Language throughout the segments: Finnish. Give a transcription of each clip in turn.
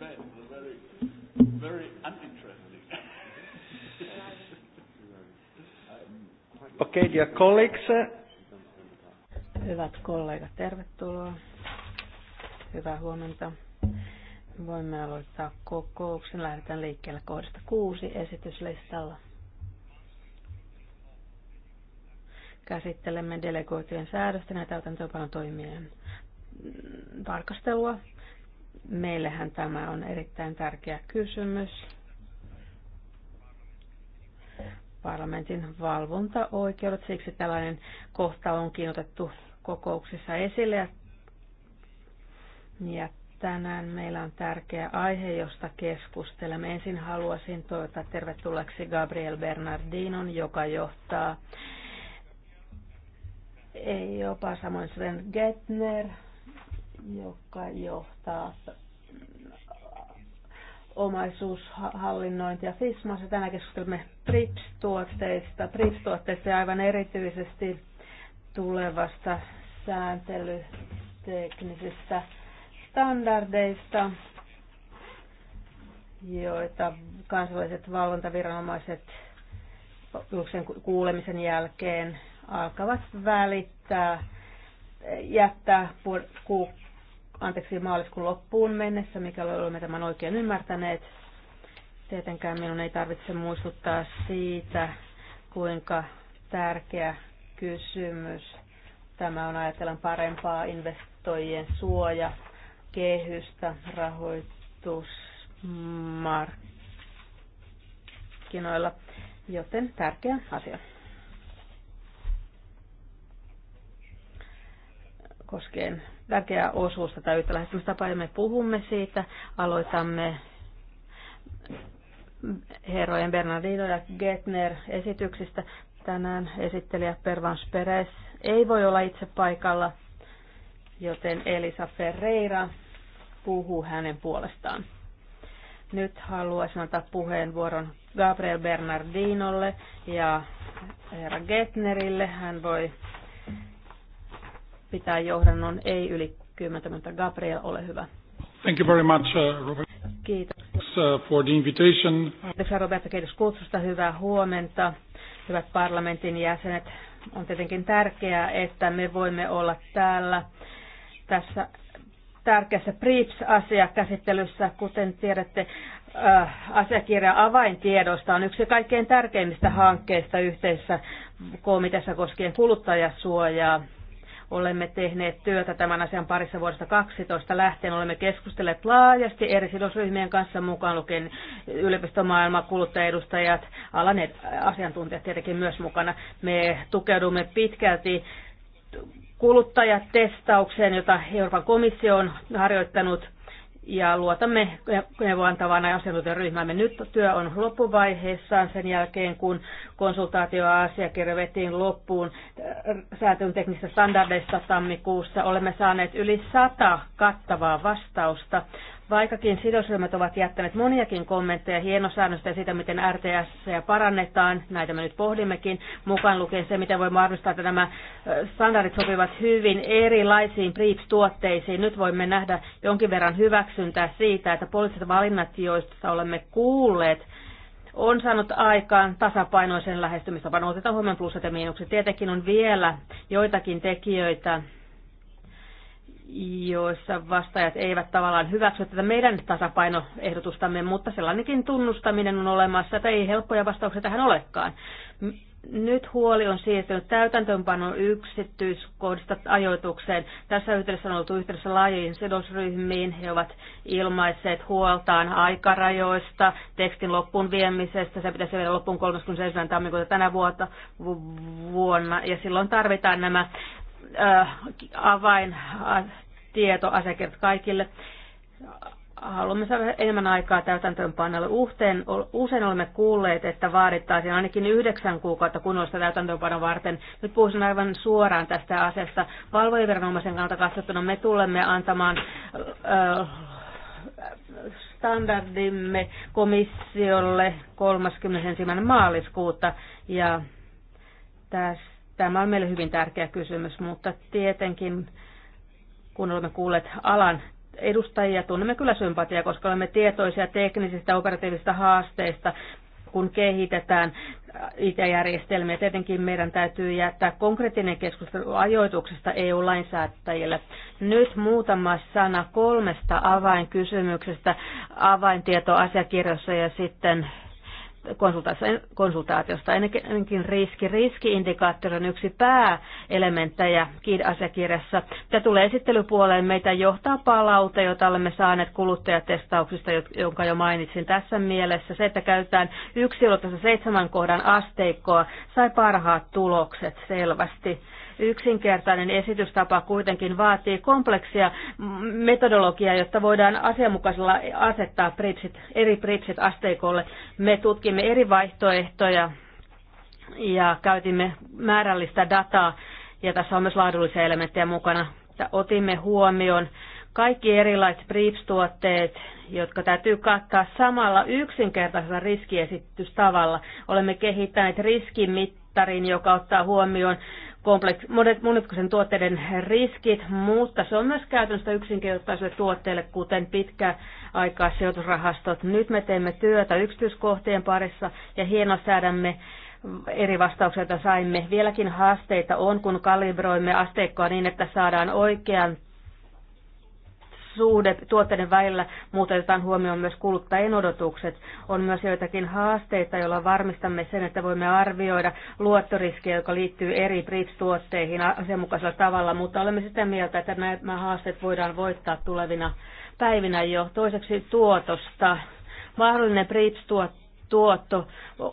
pens are very, very uninteresting. okay, dear colleagues. Hyvät kollegat, tervetuloa. Hyvää huomenta. Voimme aloittaa kokouksen. Lähdetään liikkeelle kohdasta kuusi esityslistalla. Käsittelemme delegoitujen säädösten ja täytäntöönpanon toimien tarkastelua. Meillähän tämä on erittäin tärkeä kysymys. Parlamentin valvontaoikeudet, siksi tällainen kohta onkin otettu kokouksissa esille. Ja, tänään meillä on tärkeä aihe, josta keskustelemme. Ensin haluaisin toivottaa tervetulleeksi Gabriel Bernardinon, joka johtaa ei jopa samoin Sven Gettner, joka johtaa omaisuushallinnointia FISMassa. Tänään keskustelemme PRIPS-tuotteista, PRIPS-tuotteista ja aivan erityisesti tulevasta sääntelyteknisistä standardeista, joita kansalliset valvontaviranomaiset julkisen kuulemisen jälkeen alkavat välittää, jättää anteeksi, maaliskuun loppuun mennessä, mikä olemme tämän oikein ymmärtäneet. Tietenkään minun ei tarvitse muistuttaa siitä, kuinka tärkeä kysymys tämä on ajatellen parempaa investoijien suoja, kehystä, rahoitusmarkkinoilla, joten tärkeä asia. koskien tärkeä osuus tätä yhtä lähestymistapaa ja me puhumme siitä. Aloitamme herrojen Bernardino ja Getner esityksistä. Tänään esittelijä Pervans Perez ei voi olla itse paikalla, joten Elisa Ferreira puhuu hänen puolestaan. Nyt haluaisin antaa puheenvuoron Gabriel Bernardinolle ja herra Getnerille. Hän voi pitää johdannon ei yli 10 Gabriel, ole hyvä. Thank you very much, uh, Robert. Kiitos. Uh, for the invitation. Kiitos, Roberta, kiitos kutsusta. Hyvää huomenta. Hyvät parlamentin jäsenet, on tietenkin tärkeää, että me voimme olla täällä tässä tärkeässä PRIPS-asiakäsittelyssä. Kuten tiedätte, äh, asiakirja avaintiedosta on yksi kaikkein tärkeimmistä hankkeista yhteisessä komiteassa koskien kuluttajasuojaa Olemme tehneet työtä tämän asian parissa vuodesta 12 lähtien. Olemme keskustelleet laajasti eri sidosryhmien kanssa mukaan lukien yliopistomaailma, kuluttajaedustajat, alan asiantuntijat tietenkin myös mukana. Me tukeudumme pitkälti kuluttajatestaukseen, jota Euroopan komissio on harjoittanut ja luotamme neuvoantavana asiantuntijaryhmäämme. Nyt työ on loppuvaiheessaan sen jälkeen, kun konsultaatioasiakirja vetiin loppuun säätön teknisistä standardeista tammikuussa. Olemme saaneet yli sata kattavaa vastausta Vaikkakin sidosryhmät ovat jättäneet moniakin kommentteja hienosäännöstä ja siitä, miten RTS parannetaan, näitä me nyt pohdimmekin, mukaan lukien se, miten voi varmistaa, että nämä standardit sopivat hyvin erilaisiin BREEPS-tuotteisiin. Nyt voimme nähdä jonkin verran hyväksyntää siitä, että poliittiset valinnat, joista olemme kuulleet, on saanut aikaan tasapainoisen lähestymistavan Otetaan huomioon plussat ja miinukset. Tietenkin on vielä joitakin tekijöitä, joissa vastaajat eivät tavallaan hyväksy tätä meidän tasapainoehdotustamme, mutta sellainenkin tunnustaminen on olemassa, että ei helppoja vastauksia tähän olekaan. Nyt huoli on siirtynyt täytäntöönpanon yksityiskohdista ajoitukseen. Tässä yhteydessä on oltu yhteydessä laajiin sidosryhmiin. He ovat ilmaisseet huoltaan aikarajoista, tekstin loppuun viemisestä. Se pitäisi viedä loppuun 37. tammikuuta tänä vuotta, vuonna. Ja silloin tarvitaan nämä Äh, avain äh, tieto asiakirjat kaikille. Haluamme saada enemmän aikaa täytäntöönpanolle. usein olemme kuulleet, että vaadittaisiin ainakin yhdeksän kuukautta kunnollista täytäntöönpanoa varten. Nyt puhuisin aivan suoraan tästä asiasta. Valvojaviranomaisen kannalta katsottuna me tulemme antamaan äh, standardimme komissiolle 31. maaliskuuta ja tässä Tämä on meille hyvin tärkeä kysymys, mutta tietenkin kun olemme kuulleet alan edustajia, tunnemme kyllä sympatiaa, koska olemme tietoisia teknisistä operatiivisista haasteista, kun kehitetään IT-järjestelmiä. Tietenkin meidän täytyy jättää konkreettinen keskustelu ajoituksesta EU-lainsäätäjille. Nyt muutama sana kolmesta avainkysymyksestä avaintietoasiakirjassa ja sitten konsultaatiosta. Ennenkin riski. Riskiindikaattori on yksi pääelementtejä KID-asiakirjassa. Tämä tulee esittelypuoleen, meitä johtaa palaute, jota olemme saaneet kuluttajatestauksista, jonka jo mainitsin tässä mielessä. Se, että käytetään yksilötässä seitsemän kohdan asteikkoa, sai parhaat tulokset selvästi Yksinkertainen esitystapa kuitenkin vaatii kompleksia metodologiaa, jotta voidaan asianmukaisella asettaa Britsit, eri Britsit-asteikolle. Me tutkimme eri vaihtoehtoja ja käytimme määrällistä dataa, ja tässä on myös laadullisia elementtejä mukana. Otimme huomioon kaikki erilaiset BRIEFS-tuotteet, jotka täytyy kattaa samalla yksinkertaisella riskiesitystavalla. Olemme kehittäneet riskimittarin, joka ottaa huomioon kompleks, monet, monitkoisen tuotteiden riskit, mutta se on myös käytännössä yksinkertaisille tuotteille, kuten sijoitusrahastot. Nyt me teemme työtä yksityiskohtien parissa ja hienosäädämme eri vastauksia, joita saimme. Vieläkin haasteita on, kun kalibroimme asteikkoa niin, että saadaan oikean suhde tuotteiden välillä, mutta otetaan huomioon myös kuluttajien odotukset. On myös joitakin haasteita, joilla varmistamme sen, että voimme arvioida luottoriskiä, joka liittyy eri BRICS-tuotteihin asianmukaisella tavalla, mutta olemme sitä mieltä, että nämä haasteet voidaan voittaa tulevina päivinä jo. Toiseksi tuotosta. Mahdollinen BRICS-tuotto tuotto,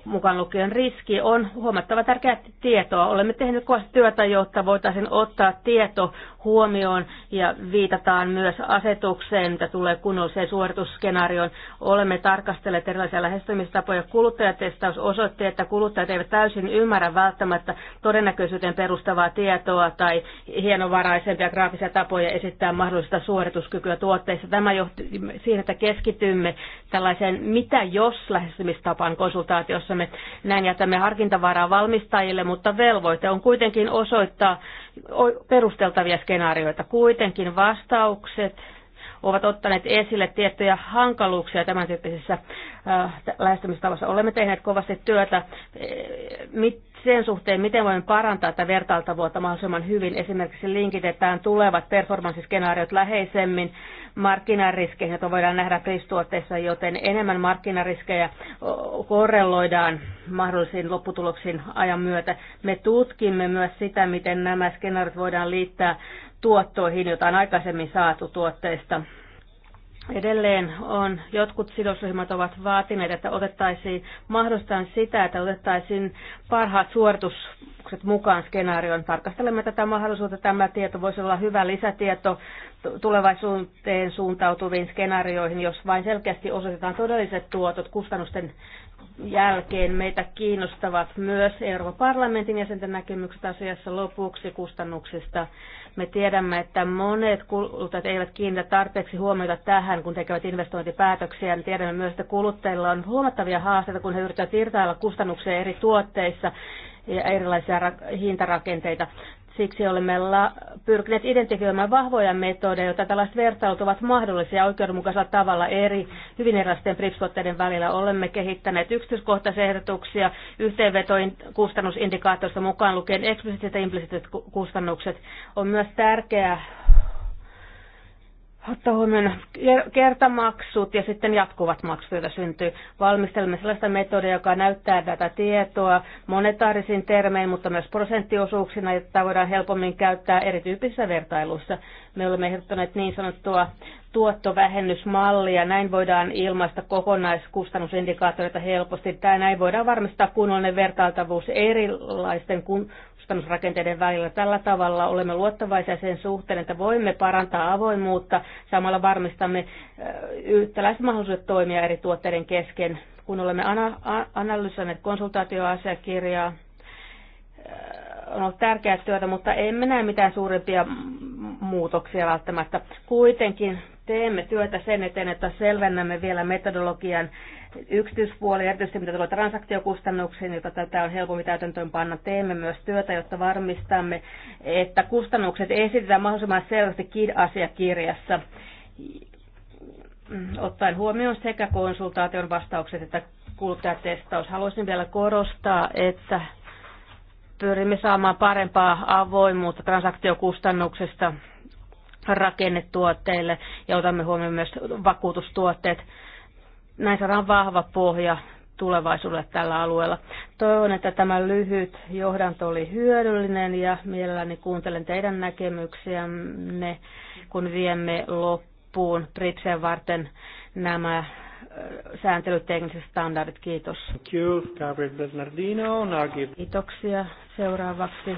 mukaan lukien riski, on huomattava tärkeää tietoa. Olemme tehneet kovasti työtä, jotta voitaisiin ottaa tieto huomioon ja viitataan myös asetukseen, mitä tulee kunnolliseen suoritusskenaarioon. Olemme tarkastelleet erilaisia lähestymistapoja. Kuluttajatestaus osoitti, että kuluttajat eivät täysin ymmärrä välttämättä todennäköisyyteen perustavaa tietoa tai hienovaraisempia graafisia tapoja esittää mahdollista suorituskykyä tuotteissa. Tämä johti siihen, että keskitymme tällaiseen mitä jos lähestymistapaan me Näin jätämme harkintavaraa valmistajille, mutta velvoite on kuitenkin osoittaa, perusteltavia skenaarioita. Kuitenkin vastaukset ovat ottaneet esille tiettyjä hankaluuksia tämän tyyppisessä äh, lähestymistavassa. Olemme tehneet kovasti työtä. E, mit, sen suhteen, miten voimme parantaa tätä vertailtavuutta mahdollisimman hyvin. Esimerkiksi linkitetään tulevat performanssiskenaariot läheisemmin markkinariskeihin, joita voidaan nähdä kristuotteissa, joten enemmän markkinariskejä korreloidaan mahdollisiin lopputuloksiin ajan myötä. Me tutkimme myös sitä, miten nämä skenaariot voidaan liittää tuottoihin, joita on aikaisemmin saatu tuotteista Edelleen on, jotkut sidosryhmät ovat vaatineet, että otettaisiin mahdollistaan sitä, että otettaisiin parhaat suoritukset mukaan skenaarioon. Tarkastelemme tätä mahdollisuutta. Tämä tieto voisi olla hyvä lisätieto tulevaisuuteen suuntautuviin skenaarioihin, jos vain selkeästi osoitetaan todelliset tuotot kustannusten jälkeen meitä kiinnostavat myös Euroopan parlamentin jäsenten näkemykset asiassa lopuksi kustannuksista. Me tiedämme, että monet kuluttajat eivät kiinnitä tarpeeksi huomiota tähän, kun tekevät investointipäätöksiä. Me tiedämme myös, että kuluttajilla on huomattavia haasteita, kun he yrittävät irtailla kustannuksia eri tuotteissa ja erilaisia hintarakenteita. Siksi olemme la- pyrkineet identifioimaan vahvoja metodeja, joita tällaiset vertailut ovat mahdollisia oikeudenmukaisella tavalla eri hyvin erilaisten prips välillä. Olemme kehittäneet yksityiskohtaisia ehdotuksia yhteenvetoin kustannusindikaattorista mukaan lukien eksplisiittiset ja implisiittiset kustannukset. On myös tärkeää ottaa huomioon kertamaksut ja sitten jatkuvat maksut, joita syntyy. Valmistelemme sellaista metodia, joka näyttää tätä tietoa monetaarisin termein, mutta myös prosenttiosuuksina, jotta voidaan helpommin käyttää erityyppisissä vertailuissa. Me olemme ehdottaneet niin sanottua tuottovähennysmallia. Näin voidaan ilmaista kokonaiskustannusindikaattoreita helposti. Tämä näin voidaan varmistaa kunnollinen vertailtavuus erilaisten kun kustannusrakenteiden välillä. Tällä tavalla olemme luottavaisia sen suhteen, että voimme parantaa avoimuutta. Samalla varmistamme yhtäläiset mahdollisuudet toimia eri tuotteiden kesken. Kun olemme analysoineet konsultaatioasiakirjaa, on ollut tärkeää työtä, mutta emme näe mitään suurempia muutoksia välttämättä. Kuitenkin teemme työtä sen eteen, että selvennämme vielä metodologian yksityispuoli, erityisesti mitä tulee transaktiokustannuksiin, jota tätä on helpompi täytäntöön panna. Teemme myös työtä, jotta varmistamme, että kustannukset esitetään mahdollisimman selvästi KID-asiakirjassa, ottaen huomioon sekä konsultaation vastaukset että kuluttajatestaus. Haluaisin vielä korostaa, että pyrimme saamaan parempaa avoimuutta transaktiokustannuksesta rakennetuotteille ja otamme huomioon myös vakuutustuotteet näin saadaan vahva pohja tulevaisuudelle tällä alueella. Toivon, että tämä lyhyt johdanto oli hyödyllinen ja mielelläni kuuntelen teidän näkemyksiänne, kun viemme loppuun BRICSen varten nämä sääntelytekniset standardit. Kiitos. Gabriel Bernardino. Kiitoksia. Seuraavaksi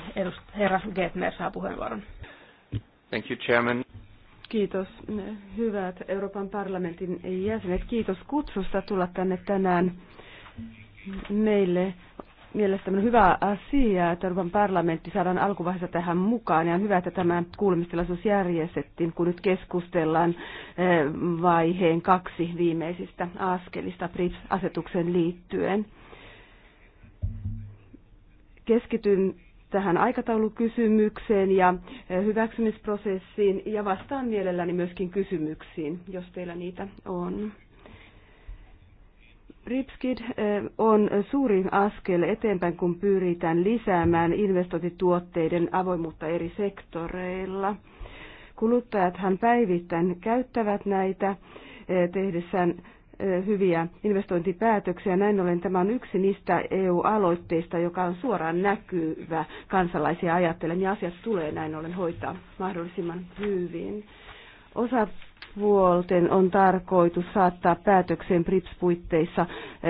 herra Getner saa puheenvuoron. Thank you, Chairman. Kiitos hyvät Euroopan parlamentin jäsenet. Kiitos kutsusta tulla tänne tänään meille. Mielestäni on hyvä asia, että Euroopan parlamentti saadaan alkuvaiheessa tähän mukaan. Ja on hyvä, että tämä kuulemistilaisuus järjestettiin, kun nyt keskustellaan eh, vaiheen kaksi viimeisistä askelista BRICS-asetukseen liittyen. Keskityn tähän aikataulukysymykseen ja e, hyväksymisprosessiin ja vastaan mielelläni myöskin kysymyksiin, jos teillä niitä on. Ripskid e, on suuri askel eteenpäin, kun pyritään lisäämään investointituotteiden avoimuutta eri sektoreilla. Kuluttajathan päivittäin käyttävät näitä e, tehdessään hyviä investointipäätöksiä. Näin ollen tämä on yksi niistä EU-aloitteista, joka on suoraan näkyvä kansalaisia ajattelen, ja asiat tulee näin ollen hoitaa mahdollisimman hyvin. Osa puolten on tarkoitus saattaa päätökseen PRIPS-puitteissa.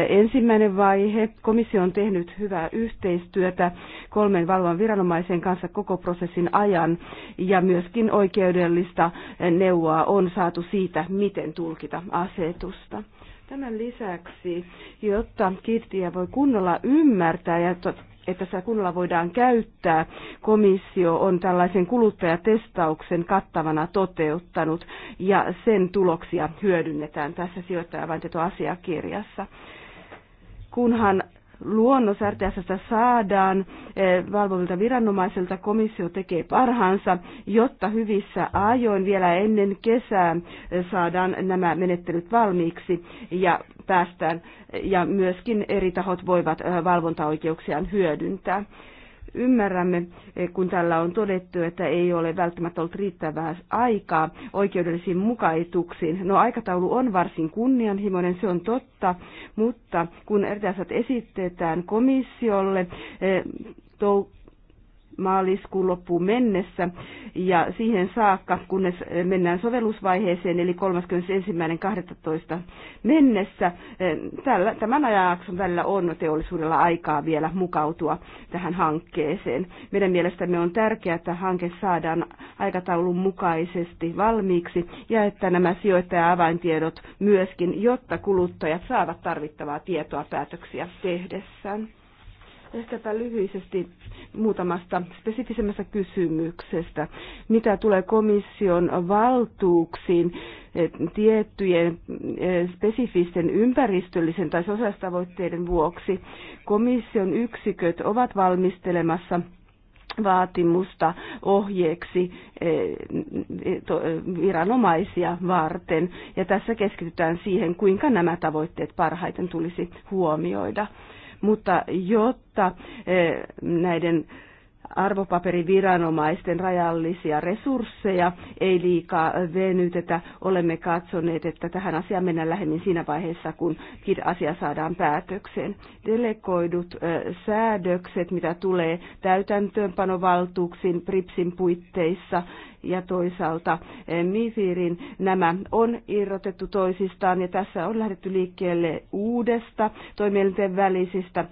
Ensimmäinen vaihe. Komissio on tehnyt hyvää yhteistyötä kolmen valvon viranomaisen kanssa koko prosessin ajan ja myöskin oikeudellista neuvoa on saatu siitä, miten tulkita asetusta. Tämän lisäksi, jotta kirtiä voi kunnolla ymmärtää ja että sitä kunnolla voidaan käyttää, komissio on tällaisen kuluttajatestauksen kattavana toteuttanut ja sen tuloksia hyödynnetään tässä sijoittajavainteto-asiakirjassa. Kunhan luonnos RTSstä saadaan eh, valvovilta viranomaisilta, komissio tekee parhaansa, jotta hyvissä ajoin vielä ennen kesää eh, saadaan nämä menettelyt valmiiksi ja päästään eh, ja myöskin eri tahot voivat valvontaoikeuksiaan hyödyntää ymmärrämme, eh, kun tällä on todettu, että ei ole välttämättä ollut riittävää aikaa oikeudellisiin mukaituksiin. No aikataulu on varsin kunnianhimoinen, se on totta, mutta kun RTS esitetään komissiolle, eh, maaliskuun loppuun mennessä ja siihen saakka, kunnes mennään sovellusvaiheeseen, eli 31.12. mennessä. Eh, tällä, tämän ajanjakson välillä on teollisuudella aikaa vielä mukautua tähän hankkeeseen. Meidän mielestämme on tärkeää, että hanke saadaan aikataulun mukaisesti valmiiksi ja että nämä sijoittaja-avaintiedot myöskin, jotta kuluttajat saavat tarvittavaa tietoa päätöksiä tehdessään. Ehkäpä lyhyisesti muutamasta spesifisemmästä kysymyksestä. Mitä tulee komission valtuuksiin eh, tiettyjen eh, spesifisten ympäristöllisen tai sosiaalistavoitteiden vuoksi, komission yksiköt ovat valmistelemassa vaatimusta ohjeeksi eh, viranomaisia varten. Ja tässä keskitytään siihen, kuinka nämä tavoitteet parhaiten tulisi huomioida mutta jotta eh, näiden arvopaperiviranomaisten rajallisia resursseja ei liikaa venytetä. Olemme katsoneet, että tähän asiaan mennään lähemmin siinä vaiheessa, kun asia saadaan päätökseen. Delegoidut eh, säädökset, mitä tulee täytäntöönpanovaltuuksiin PRIPSin puitteissa, ja toisaalta eh, MIFIRin. Nämä on irrotettu toisistaan ja tässä on lähdetty liikkeelle uudesta toimielinten välisistä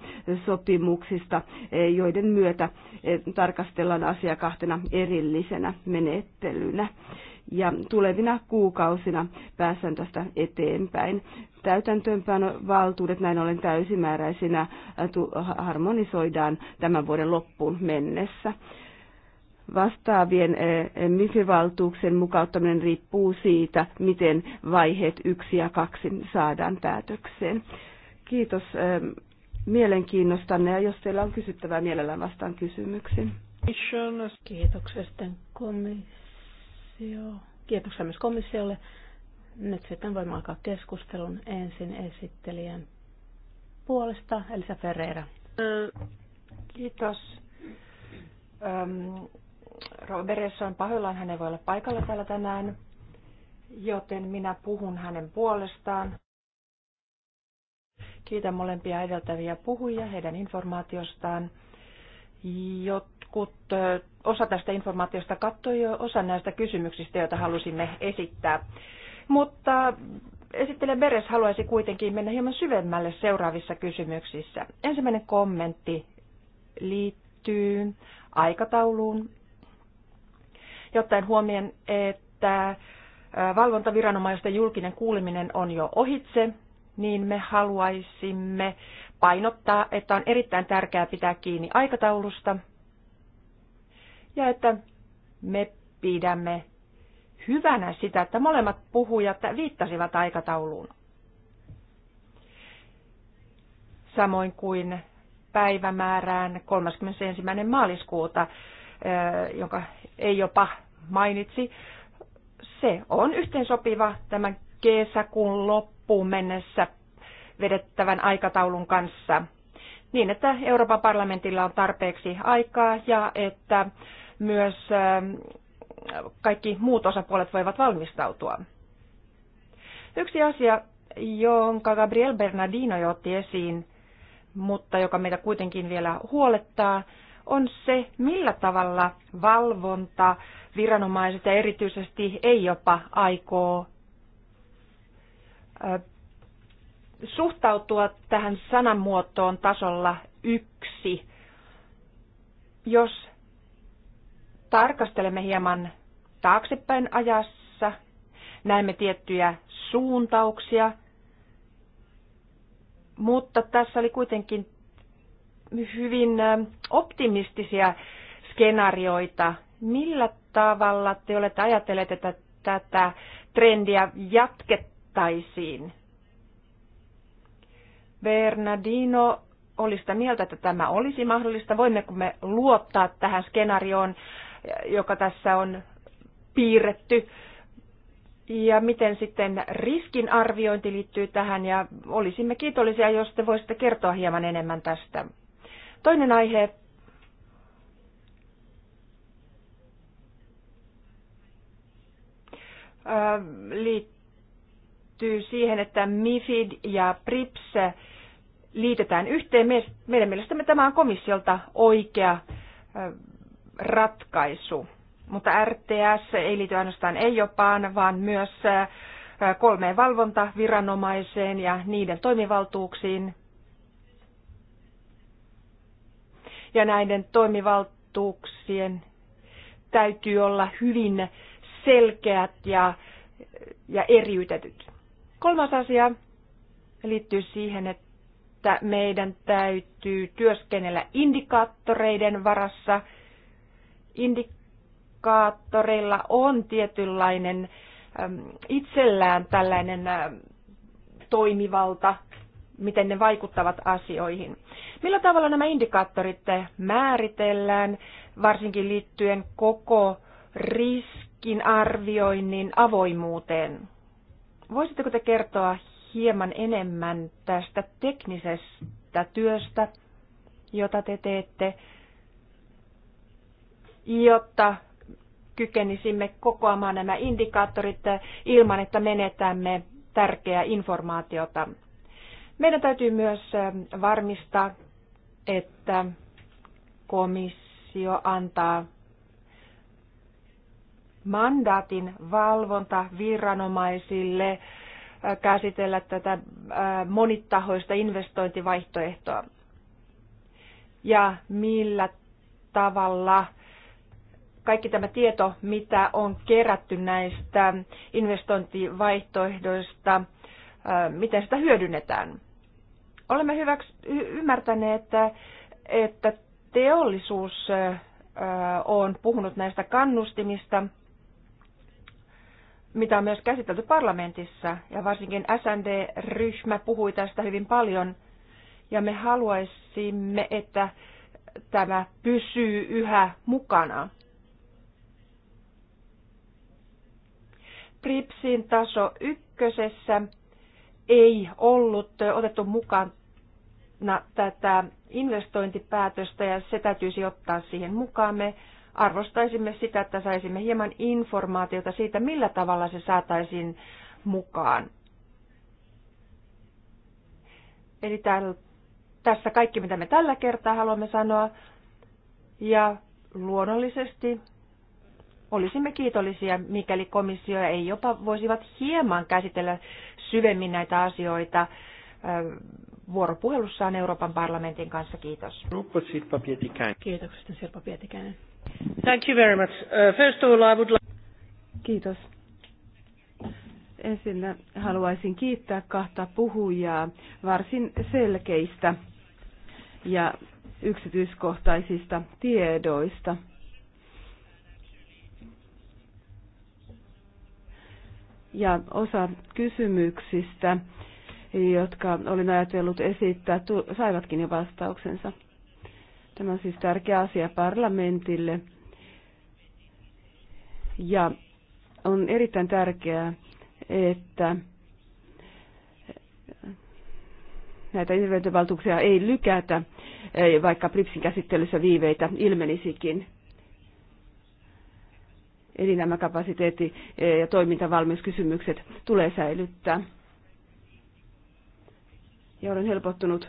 sopimuksista, eh, joiden myötä eh, tarkastellaan asia kahtena erillisenä menettelynä ja tulevina kuukausina päästään tästä eteenpäin. Täytäntöönpano valtuudet näin ollen täysimääräisinä harmonisoidaan tämän vuoden loppuun mennessä vastaavien eh, MIFI-valtuuksien mukauttaminen riippuu siitä, miten vaiheet yksi ja kaksi saadaan päätökseen. Kiitos eh, mielenkiinnostanne ja jos teillä on kysyttävää, mielellään vastaan kysymyksiin. Kiitoksia komissio. Kiitoksia myös komissiolle. Nyt sitten voimme alkaa keskustelun ensin esittelijän puolesta, Elisa Ferreira. Kiitos. Roberes on pahoillaan, hän ei voi olla paikalla täällä tänään, joten minä puhun hänen puolestaan. Kiitän molempia edeltäviä puhujia heidän informaatiostaan. Jotkut, osa tästä informaatiosta katsoi jo osa näistä kysymyksistä, joita halusimme esittää. Mutta esittelen Beres haluaisi kuitenkin mennä hieman syvemmälle seuraavissa kysymyksissä. Ensimmäinen kommentti liittyy aikatauluun ja huomioon, että valvontaviranomaisten julkinen kuuleminen on jo ohitse, niin me haluaisimme painottaa, että on erittäin tärkeää pitää kiinni aikataulusta ja että me pidämme hyvänä sitä, että molemmat puhujat viittasivat aikatauluun. Samoin kuin päivämäärään 31. maaliskuuta Eh, jonka ei jopa mainitsi, se on yhteensopiva tämän kesäkuun loppuun mennessä vedettävän aikataulun kanssa niin, että Euroopan parlamentilla on tarpeeksi aikaa ja että myös eh, kaikki muut osapuolet voivat valmistautua. Yksi asia, jonka Gabriel Bernardino jo otti esiin, mutta joka meitä kuitenkin vielä huolettaa, on se, millä tavalla valvonta, viranomaiset ja erityisesti ei jopa aikoo suhtautua tähän sananmuotoon tasolla yksi. Jos tarkastelemme hieman taaksepäin ajassa, näemme tiettyjä suuntauksia, mutta tässä oli kuitenkin hyvin optimistisia skenaarioita. Millä tavalla te olette ajatelleet, että tätä trendiä jatkettaisiin? Bernardino oli sitä mieltä, että tämä olisi mahdollista. Voimmeko me luottaa tähän skenaarioon, joka tässä on piirretty? Ja miten sitten riskin arviointi liittyy tähän ja olisimme kiitollisia, jos te voisitte kertoa hieman enemmän tästä. Toinen aihe. Äh, liittyy siihen, että MIFID ja PRIPS liitetään yhteen. Meidän mielestämme tämä on komissiolta oikea äh, ratkaisu. Mutta RTS ei liity ainoastaan EIOPAan, vaan myös äh, kolmeen valvontaviranomaiseen ja niiden toimivaltuuksiin, ja näiden toimivaltuuksien täytyy olla hyvin selkeät ja, ja eriytetyt. Kolmas asia liittyy siihen, että meidän täytyy työskennellä indikaattoreiden varassa. Indikaattoreilla on tietynlainen itsellään tällainen toimivalta miten ne vaikuttavat asioihin. Millä tavalla nämä indikaattorit määritellään, varsinkin liittyen koko riskin arvioinnin avoimuuteen? Voisitteko te kertoa hieman enemmän tästä teknisestä työstä, jota te teette, jotta kykenisimme kokoamaan nämä indikaattorit ilman, että menetämme tärkeää informaatiota meidän täytyy myös varmistaa, että komissio antaa mandaatin valvontaviranomaisille käsitellä tätä monitahoista investointivaihtoehtoa ja millä tavalla kaikki tämä tieto, mitä on kerätty näistä investointivaihtoehdoista, miten sitä hyödynnetään. Olemme hyväks- ymmärtäneet, että, että teollisuus on puhunut näistä kannustimista, mitä on myös käsitelty parlamentissa, ja varsinkin SND-ryhmä puhui tästä hyvin paljon, ja me haluaisimme, että tämä pysyy yhä mukana. PRIPSin taso ykkösessä ei ollut otettu mukaan tätä investointipäätöstä ja se täytyisi ottaa siihen mukaan. Me arvostaisimme sitä, että saisimme hieman informaatiota siitä, millä tavalla se saataisiin mukaan. Eli täällä, tässä kaikki, mitä me tällä kertaa haluamme sanoa. Ja luonnollisesti olisimme kiitollisia, mikäli komissio ei jopa voisivat hieman käsitellä syvemmin näitä asioita vuoropuhelussaan Euroopan parlamentin kanssa. Kiitos. Kiitoksia, Sirpa Pietikäinen. Thank you very much. Uh, first of all, I would like... Kiitos. Ensin haluaisin kiittää kahta puhujaa varsin selkeistä ja yksityiskohtaisista tiedoista. Ja osa kysymyksistä jotka olin ajatellut esittää, saivatkin jo vastauksensa. Tämä on siis tärkeä asia parlamentille. Ja on erittäin tärkeää, että näitä interventiovaltuuksia ei lykätä, vaikka PRIPSin käsittelyssä viiveitä ilmenisikin. Eli nämä kapasiteetti- ja toimintavalmiuskysymykset tulee säilyttää ja olen helpottunut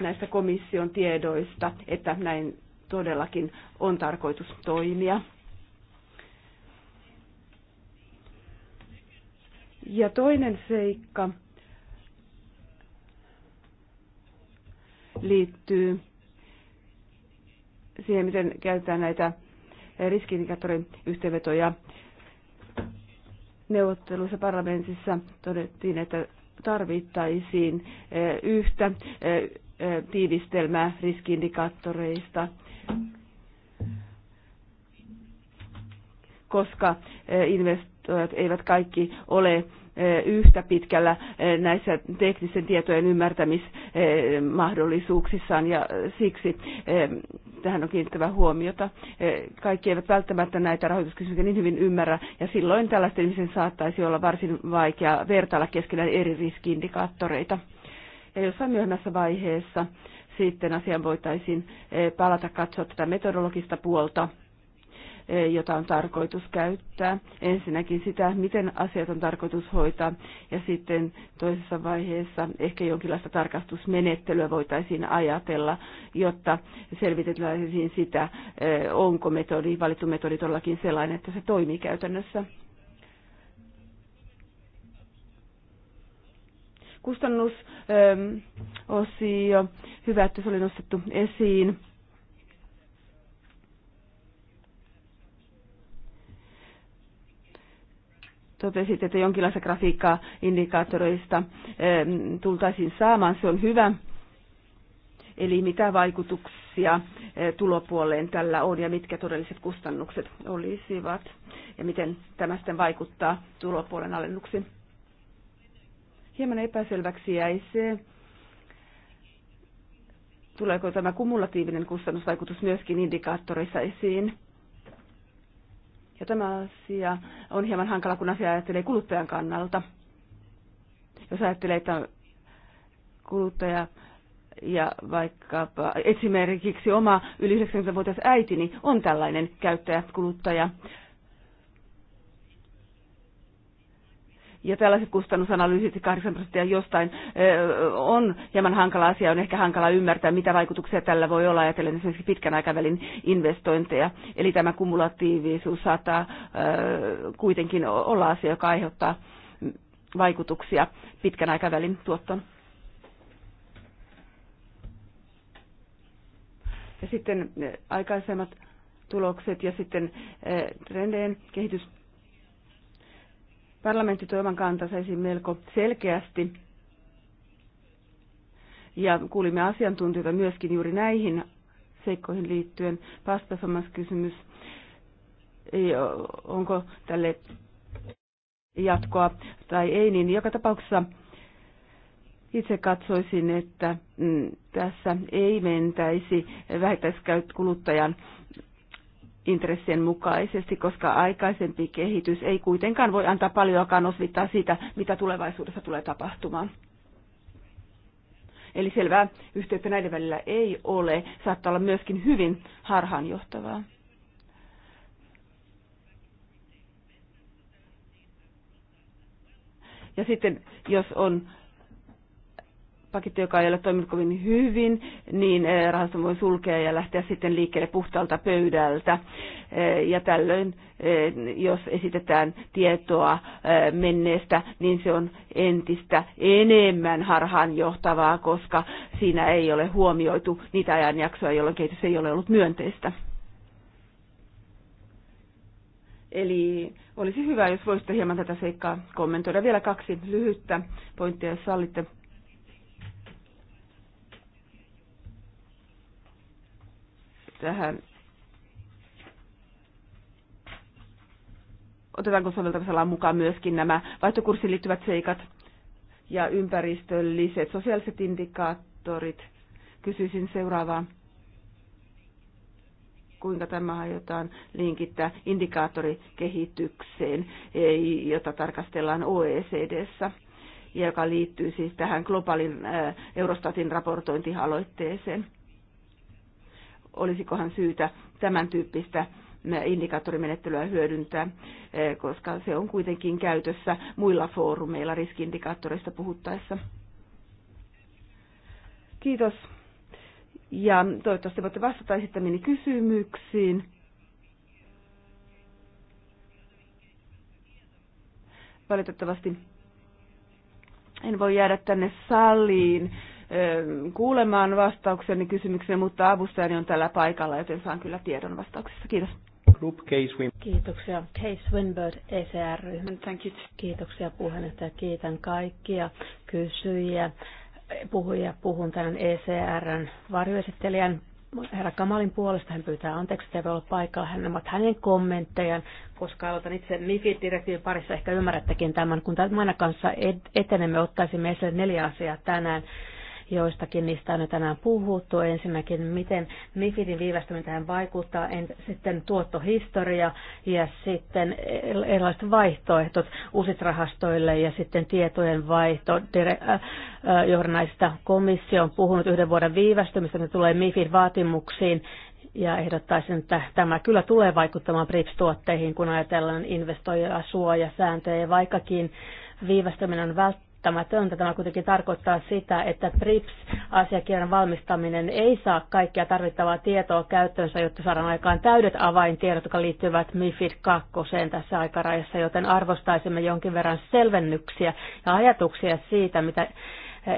näistä komission tiedoista, että näin todellakin on tarkoitus toimia. Ja toinen seikka liittyy siihen, miten käytetään näitä riskiindikaattorin yhteenvetoja neuvotteluissa parlamentissa todettiin, että tarvittaisiin eh, yhtä eh, eh, tiivistelmää riskiindikaattoreista, koska investoijat eivät kaikki ole yhtä pitkällä näissä teknisten tietojen ymmärtämismahdollisuuksissaan ja siksi tähän on kiinnittävä huomiota. Eh, kaikki eivät välttämättä näitä rahoituskysymyksiä niin hyvin ymmärrä, ja silloin tällaisten ihmisen saattaisi olla varsin vaikea vertailla keskenään eri riskiindikaattoreita. Ja jossain myöhemmässä vaiheessa sitten asiaan voitaisiin eh, palata katsoa tätä metodologista puolta E, jota on tarkoitus käyttää. Ensinnäkin sitä, miten asiat on tarkoitus hoitaa ja sitten toisessa vaiheessa ehkä jonkinlaista tarkastusmenettelyä voitaisiin ajatella, jotta selvitettäisiin sitä, e, onko metodi, valittu metodi todellakin sellainen, että se toimii käytännössä. Kustannusosio, hyvä, että se oli nostettu esiin. totesit, että jonkinlaista grafiikkaa indikaattoreista tultaisiin saamaan. Se on hyvä. Eli mitä vaikutuksia eh, tulopuoleen tällä on ja mitkä todelliset kustannukset olisivat ja miten tämä sitten vaikuttaa tulopuolen alennuksiin. Hieman epäselväksi jäi se, tuleeko tämä kumulatiivinen kustannusvaikutus myöskin indikaattorissa esiin. Ja tämä asia on hieman hankala, kun asia ajattelee kuluttajan kannalta. Jos ajattelee, että kuluttaja ja vaikka esimerkiksi oma yli 90-vuotias äitini on tällainen käyttäjä, kuluttaja, ja tällaiset kustannusanalyysit 8 prosenttia jostain on hieman hankala asia, on ehkä hankala ymmärtää, mitä vaikutuksia tällä voi olla ajatellen esimerkiksi pitkän aikavälin investointeja. Eli tämä kumulatiivisuus saattaa kuitenkin olla asia, joka aiheuttaa vaikutuksia pitkän aikavälin tuottoon. Ja sitten aikaisemmat tulokset ja sitten trendeen kehitys Parlamentti toi oman kantansa esiin melko selkeästi. Ja kuulimme asiantuntijoita myöskin juuri näihin seikkoihin liittyen. Vastasammas kysymys, onko tälle jatkoa tai ei, niin joka tapauksessa itse katsoisin, että mm, tässä ei mentäisi kuluttajan intressien mukaisesti, koska aikaisempi kehitys ei kuitenkaan voi antaa paljonkaan osvittaa siitä, mitä tulevaisuudessa tulee tapahtumaan. Eli selvää yhteyttä näiden välillä ei ole. Saattaa olla myöskin hyvin harhaanjohtavaa. Ja sitten, jos on paketti, joka ei ole toiminut kovin hyvin, niin eh, rahasto voi sulkea ja lähteä sitten liikkeelle puhtaalta pöydältä. Eh, ja tällöin, eh, jos esitetään tietoa menneestä, niin se on entistä enemmän harhaanjohtavaa, koska siinä ei ole huomioitu niitä ajanjaksoja, jolloin kehitys ei ole ollut myönteistä. Eli olisi hyvä, jos voisitte hieman tätä seikkaa kommentoida. Vielä kaksi lyhyttä pointtia, jos sallitte tähän otetaanko soveltamisalaan mukaan myöskin nämä vaihtokurssiin liittyvät seikat ja ympäristölliset sosiaaliset indikaattorit. Kysyisin seuraavaa, kuinka tämä aiotaan linkittää indikaattorikehitykseen, jota tarkastellaan OECDssä joka liittyy siis tähän globaalin äh, Eurostatin raportointialoitteeseen olisikohan syytä tämän tyyppistä mm, indikaattorimenettelyä hyödyntää, e, koska se on kuitenkin käytössä muilla foorumeilla riskiindikaattoreista puhuttaessa. Kiitos. Ja toivottavasti voitte vastata esittämiini kysymyksiin. Valitettavasti en voi jäädä tänne saliin kuulemaan vastaukseni kysymykseen, mutta avustajani on tällä paikalla, joten saan kyllä tiedon vastauksessa. Kiitos. Group Case Win. Kiitoksia Case Winbird ECR-ryhmän. Kiitoksia puheenjohtaja. Kiitän kaikkia kysyjiä. Puhuja puhun tämän ECRn varjoesittelijän herra Kamalin puolesta. Hän pyytää anteeksi, että ei voi olla paikalla. Hän ovat hänen kommenttejaan, koska aloitan itse mifi direktiivin parissa. Ehkä ymmärrättekin tämän, kun tämän kanssa etenemme, ottaisimme esille neljä asiaa tänään joistakin niistä on jo tänään puhuttu. Ensinnäkin, miten MIFIDin viivästyminen tähän vaikuttaa, en, sitten tuottohistoria ja sitten erilaiset vaihtoehdot uusit rahastoille ja sitten tietojen vaihto dire, äh, äh johdannaista. Komissio on puhunut yhden vuoden viivästymistä, ne tulee MIFID-vaatimuksiin ja ehdottaisin, että tämä kyllä tulee vaikuttamaan BRICS-tuotteihin, kun ajatellaan investoijia, suojasääntöjä, ja vaikkakin viivästäminen on vält- välttämätöntä. Tämä kuitenkin tarkoittaa sitä, että TRIPS-asiakirjan valmistaminen ei saa kaikkia tarvittavaa tietoa käyttöönsä, jotta saadaan aikaan täydet avaintiedot, jotka liittyvät MIFID 2 tässä aikarajassa, joten arvostaisimme jonkin verran selvennyksiä ja ajatuksia siitä, mitä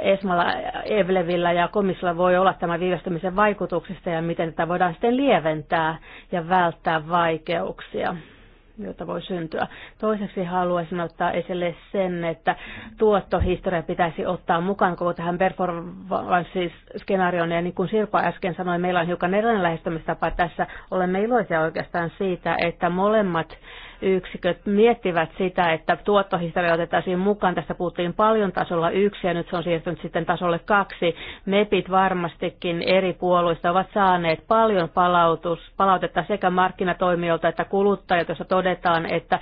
Esmalla, Evlevillä ja komissilla voi olla tämä viivästymisen vaikutuksista ja miten tätä voidaan sitten lieventää ja välttää vaikeuksia jota voi syntyä. Toiseksi haluaisin ottaa esille sen, että tuottohistoria pitäisi ottaa mukaan koko tähän performance-skenaarioon. Ja niin kuin Sirpa äsken sanoi, meillä on hiukan erilainen lähestymistapa tässä. Olemme iloisia oikeastaan siitä, että molemmat yksiköt miettivät sitä, että tuottohistoria otettaisiin mukaan. Tästä puhuttiin paljon tasolla yksi ja nyt se on siirtynyt sitten tasolle kaksi. MEPit varmastikin eri puolueista ovat saaneet paljon palautus, palautetta sekä markkinatoimijoilta että kuluttajilta, jossa todetaan, että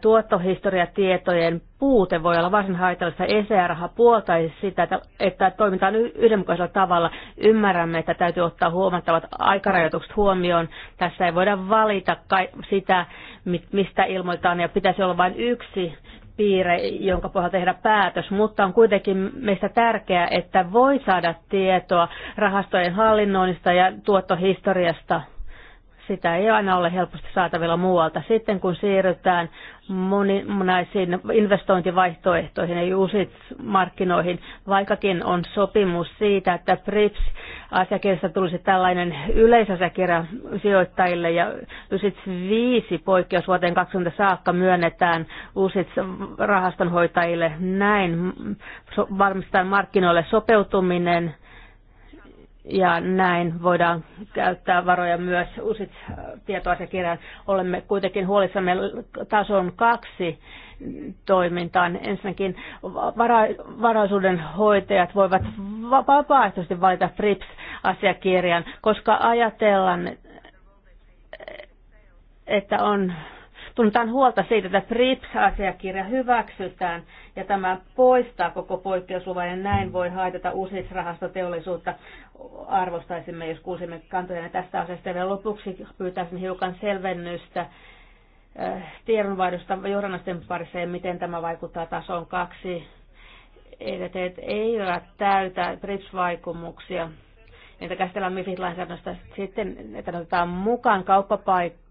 tuottohistoriatietojen puute voi olla varsin haitallista. ECR puoltaisi sitä, että toimitaan yhdenmukaisella tavalla. Ymmärrämme, että täytyy ottaa huomattavat aikarajoitukset huomioon. Tässä ei voida valita sitä, mistä ilmoitetaan, ja pitäisi olla vain yksi piire, jonka pohjalta tehdä päätös, mutta on kuitenkin meistä tärkeää, että voi saada tietoa rahastojen hallinnoinnista ja tuottohistoriasta sitä ei aina ole helposti saatavilla muualta. Sitten kun siirrytään moninaisiin investointivaihtoehtoihin ja uusiin markkinoihin, vaikkakin on sopimus siitä, että PRIPS-asiakirjasta tulisi tällainen yleisasiakirja sijoittajille ja YSITS 5 poikkeus vuoteen 20 saakka myönnetään uusits rahastonhoitajille. Näin varmistetaan markkinoille sopeutuminen ja näin voidaan käyttää varoja myös uusit äh, tietoasiakirjat. Olemme kuitenkin huolissamme tason kaksi toimintaan. Ensinnäkin vara- varaisuuden hoitajat voivat vapaaehtoisesti valita FRIPS-asiakirjan, koska ajatellaan, että on tunnetaan huolta siitä, että prips asiakirja hyväksytään ja tämä poistaa koko poikkeusluvan ja näin voi haitata teollisuutta. Arvostaisimme, jos kuusimme kantoja tästä asiasta. Vielä lopuksi pyytäisin hiukan selvennystä eh, tiedonvaihdosta johdannasten parissa ja miten tämä vaikuttaa tasoon kaksi. EDT eivät täytä prips vaikumuksia niitä käsitellään MIFID-lainsäädännöstä sitten, että otetaan mukaan kauppapaik-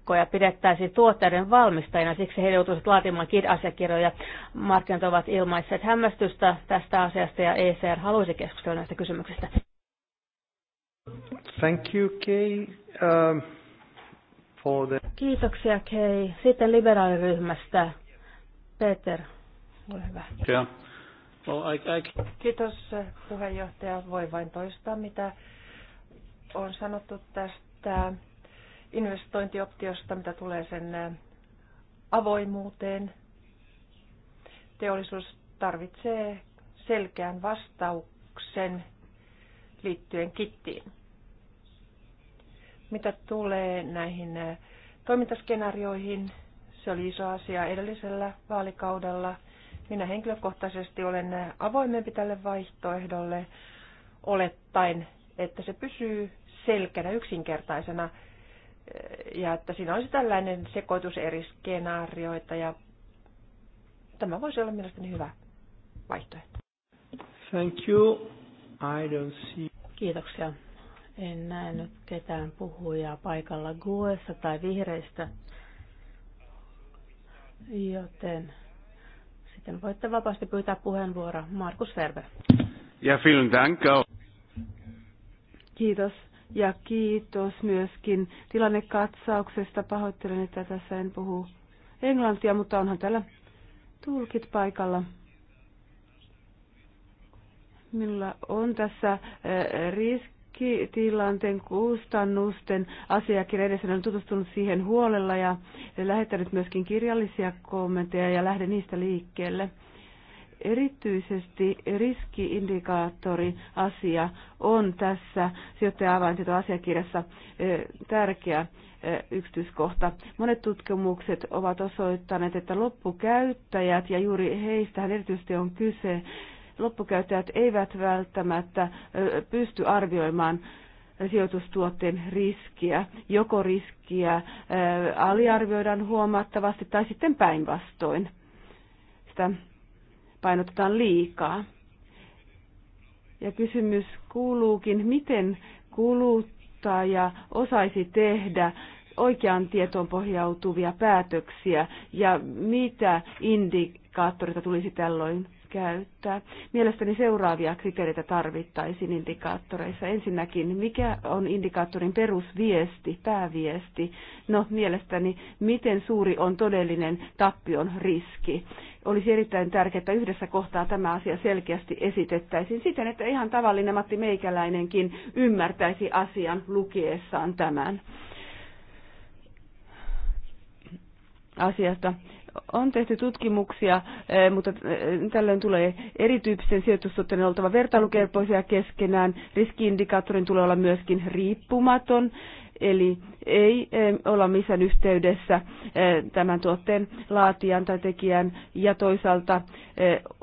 poliitikkoja pidettäisiin tuotteiden valmistajina, siksi he joutuisivat laatimaan KID-asiakirjoja. Markkinat ovat ilmaisseet hämmästystä tästä asiasta ja ECR haluaisi keskustella näistä kysymyksistä. Thank you, Kay. Um, for the... Kiitoksia, Kay. Sitten liberaaliryhmästä. Peter, ole hyvä. Yeah. Well, I, I... Kiitos puheenjohtaja. Voi vain toistaa, mitä on sanottu tästä investointioptiosta, mitä tulee sen avoimuuteen. Teollisuus tarvitsee selkeän vastauksen liittyen kittiin. Mitä tulee näihin toimintaskenaarioihin, se oli iso asia edellisellä vaalikaudella. Minä henkilökohtaisesti olen avoimempi tälle vaihtoehdolle, olettaen, että se pysyy selkeänä yksinkertaisena ja että siinä olisi tällainen sekoitus eri skenaarioita ja tämä voisi olla mielestäni hyvä vaihtoehto. Thank you. I don't see... Kiitoksia. En näe nyt ketään puhujaa paikalla Guessa tai Vihreistä, joten sitten voitte vapaasti pyytää puheenvuoroa. Markus Ferber. Ja vielen dank. Kiitos ja kiitos myöskin tilannekatsauksesta. Pahoittelen, että tässä en puhu englantia, mutta onhan täällä tulkit paikalla. Minulla on tässä eh, riski tilanteen kustannusten asiakirja edessä. Olen tutustunut siihen huolella ja lähettänyt myöskin kirjallisia kommentteja ja lähden niistä liikkeelle. Erityisesti asia on tässä sijoittaja avaintitoasiakirjassa e, tärkeä e, yksityiskohta. Monet tutkimukset ovat osoittaneet, että loppukäyttäjät, ja juuri heistä, erityisesti on kyse, loppukäyttäjät eivät välttämättä e, pysty arvioimaan sijoitustuotteen riskiä. Joko riskiä aliarvioidaan huomattavasti tai sitten päinvastoin. Sitä painotetaan liikaa. Ja kysymys kuuluukin, miten kuluttaja osaisi tehdä oikeaan tietoon pohjautuvia päätöksiä ja mitä indikaattoreita tulisi tällöin käyttää. Mielestäni seuraavia kriteereitä tarvittaisiin indikaattoreissa. Ensinnäkin, mikä on indikaattorin perusviesti, pääviesti? No, mielestäni, miten suuri on todellinen tappion riski? Olisi erittäin tärkeää, että yhdessä kohtaa tämä asia selkeästi esitettäisiin siten, että ihan tavallinen Matti Meikäläinenkin ymmärtäisi asian lukiessaan tämän asiasta on tehty tutkimuksia, eh, mutta eh, tällöin tulee erityyppisen sijoitustuotteiden oltava vertailukelpoisia keskenään. Riskiindikaattorin tulee olla myöskin riippumaton Eli ei olla missään yhteydessä tämän tuotteen laatijan tai tekijän ja toisaalta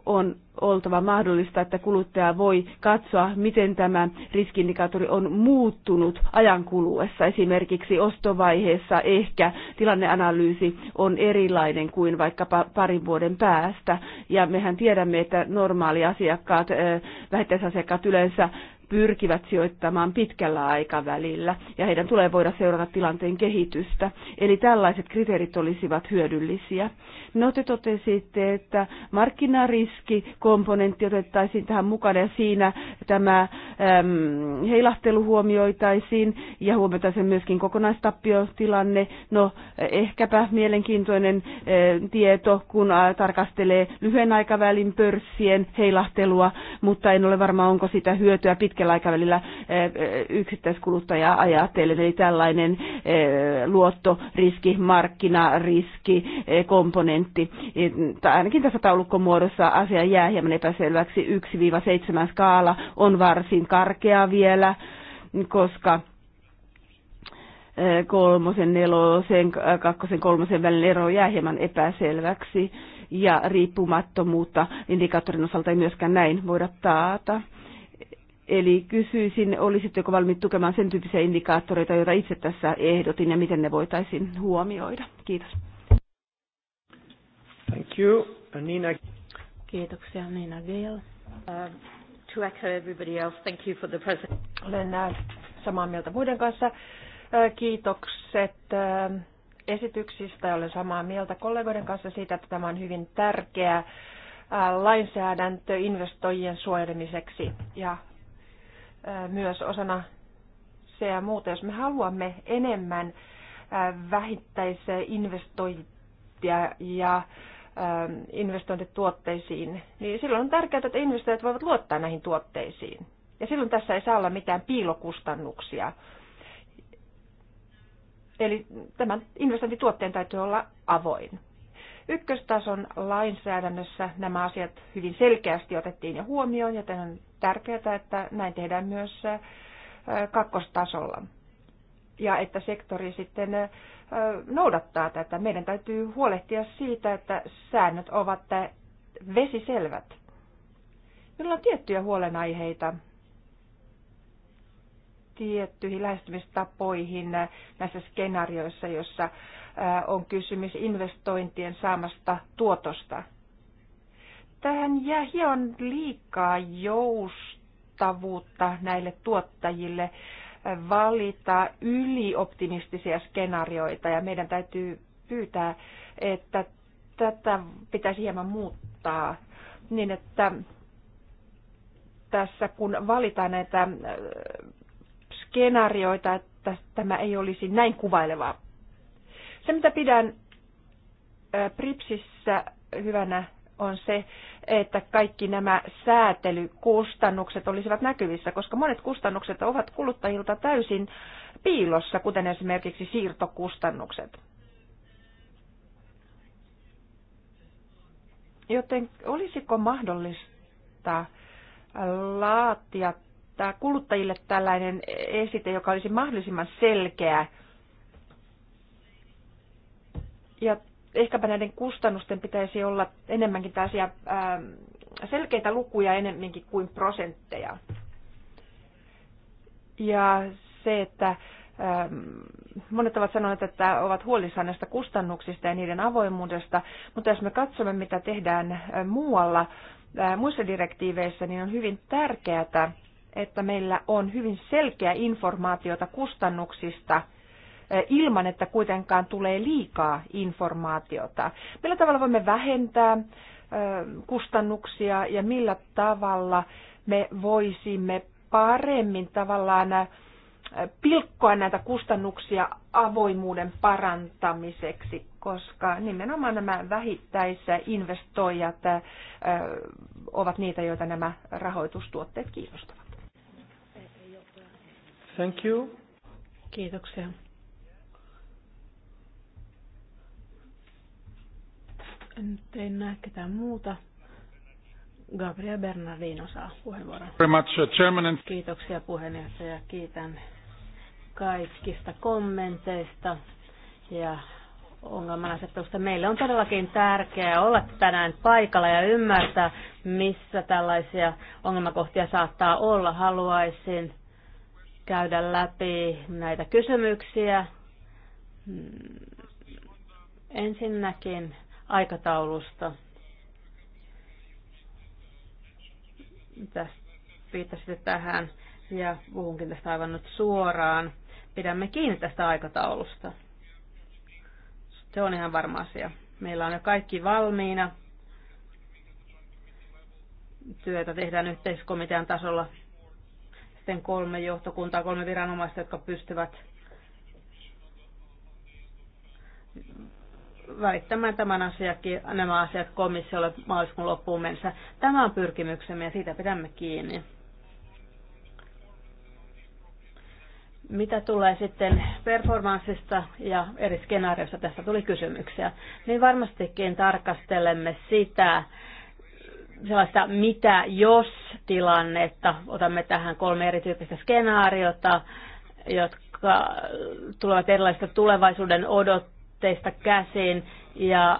on oltava mahdollista, että kuluttaja voi katsoa, miten tämä riskindikaattori on muuttunut ajan kuluessa. Esimerkiksi ostovaiheessa ehkä tilanneanalyysi on erilainen kuin vaikkapa parin vuoden päästä. Ja mehän tiedämme, että normaali asiakkaat, vähittäisasiakkaat yleensä pyrkivät sijoittamaan pitkällä aikavälillä ja heidän tulee voida seurata tilanteen kehitystä. Eli tällaiset kriteerit olisivat hyödyllisiä. No te totesitte, että markkinariskikomponentti otettaisiin tähän mukana ja siinä tämä äm, heilahtelu huomioitaisiin ja huomioitaisiin myöskin kokonaistappiotilanne. No ehkäpä mielenkiintoinen äh, tieto, kun äh, tarkastelee lyhyen aikavälin pörssien heilahtelua, mutta en ole varma, onko sitä hyötyä pitkä pitkällä aikavälillä eh, yksittäiskuluttaja ajattelee, Eli tällainen eh, luottoriski, markkinariski, eh, komponentti, ainakin tässä taulukkomuodossa asia jää hieman epäselväksi. 1-7 skaala on varsin karkea vielä, koska kolmosen, nelosen, kakkosen, kolmosen välinen ero jää hieman epäselväksi ja riippumattomuutta indikaattorin osalta ei myöskään näin voida taata. Eli kysyisin, olisitteko valmiit tukemaan sen tyyppisiä indikaattoreita, joita itse tässä ehdotin, ja miten ne voitaisiin huomioida? Kiitos. Thank you. Uh, Nina. Kiitoksia, Nina Gale. Uh, to echo everybody else, thank you for the presentation. Olen äh, samaa mieltä muiden kanssa. Äh, kiitokset ähm, esityksistä. Olen samaa mieltä kollegoiden kanssa siitä, että tämä on hyvin tärkeä äh, lainsäädäntö investoijien suojelemiseksi ja myös osana se ja muuta. Jos me haluamme enemmän investointia ja investointituotteisiin, niin silloin on tärkeää, että investoijat voivat luottaa näihin tuotteisiin. Ja silloin tässä ei saa olla mitään piilokustannuksia. Eli tämän investointituotteen täytyy olla avoin. Ykköstason lainsäädännössä nämä asiat hyvin selkeästi otettiin jo huomioon, joten on tärkeää, että näin tehdään myös kakkostasolla. Ja että sektori sitten noudattaa tätä. Meidän täytyy huolehtia siitä, että säännöt ovat vesiselvät. Meillä on tiettyjä huolenaiheita tiettyihin lähestymistapoihin näissä skenaarioissa, jossa on kysymys investointien saamasta tuotosta – tähän jää hieman liikaa joustavuutta näille tuottajille valita ylioptimistisia skenaarioita ja meidän täytyy pyytää, että tätä pitäisi hieman muuttaa niin, että tässä kun valitaan näitä äh, skenaarioita, että tämä ei olisi näin kuvailevaa. Se, mitä pidän äh, PRIPSissä hyvänä on se, että kaikki nämä säätelykustannukset olisivat näkyvissä, koska monet kustannukset ovat kuluttajilta täysin piilossa, kuten esimerkiksi siirtokustannukset. Joten olisiko mahdollista laatia tämä kuluttajille tällainen esite, joka olisi mahdollisimman selkeä ja ehkäpä näiden kustannusten pitäisi olla enemmänkin tällaisia ähm, selkeitä lukuja enemmänkin kuin prosentteja. Ja se, että ähm, monet ovat sanoneet, että ovat huolissaan näistä kustannuksista ja niiden avoimuudesta, mutta jos me katsomme, mitä tehdään äh, muualla, äh, muissa direktiiveissä, niin on hyvin tärkeää, että meillä on hyvin selkeä informaatiota kustannuksista – Eh, ilman, että kuitenkaan tulee liikaa informaatiota. Millä tavalla voimme vähentää eh, kustannuksia ja millä tavalla me voisimme paremmin tavallaan eh, pilkkoa näitä kustannuksia avoimuuden parantamiseksi, koska nimenomaan nämä vähittäisinvestoijat ovat niitä, joita nämä rahoitustuotteet kiinnostavat. Thank you. Kiitoksia. Nyt en näe ketään muuta. Gabriel Bernardino saa puheenvuoron. Uh, Kiitoksia puheenjohtaja. Kiitän kaikista kommenteista ja ongelmanasettelusta. Meille on todellakin tärkeää olla tänään paikalla ja ymmärtää, missä tällaisia ongelmakohtia saattaa olla. Haluaisin käydä läpi näitä kysymyksiä. Mm, ensinnäkin aikataulusta. Tästä viittasitte tähän ja puhunkin tästä aivan nyt suoraan. Pidämme kiinni tästä aikataulusta. Se on ihan varma asia. Meillä on jo kaikki valmiina. Työtä tehdään yhteiskomitean tasolla. Sitten kolme johtokuntaa, kolme viranomaista, jotka pystyvät väittämään tämän asiakin, nämä asiat komissiolle maaliskuun loppuun mennessä. Tämä on pyrkimyksemme ja siitä pidämme kiinni. Mitä tulee sitten performanssista ja eri skenaarioista, tässä tuli kysymyksiä, niin varmastikin tarkastelemme sitä, sellaista mitä jos tilannetta. Otamme tähän kolme erityyppistä skenaariota, jotka tulevat erilaisista tulevaisuuden odot teistä käsin ja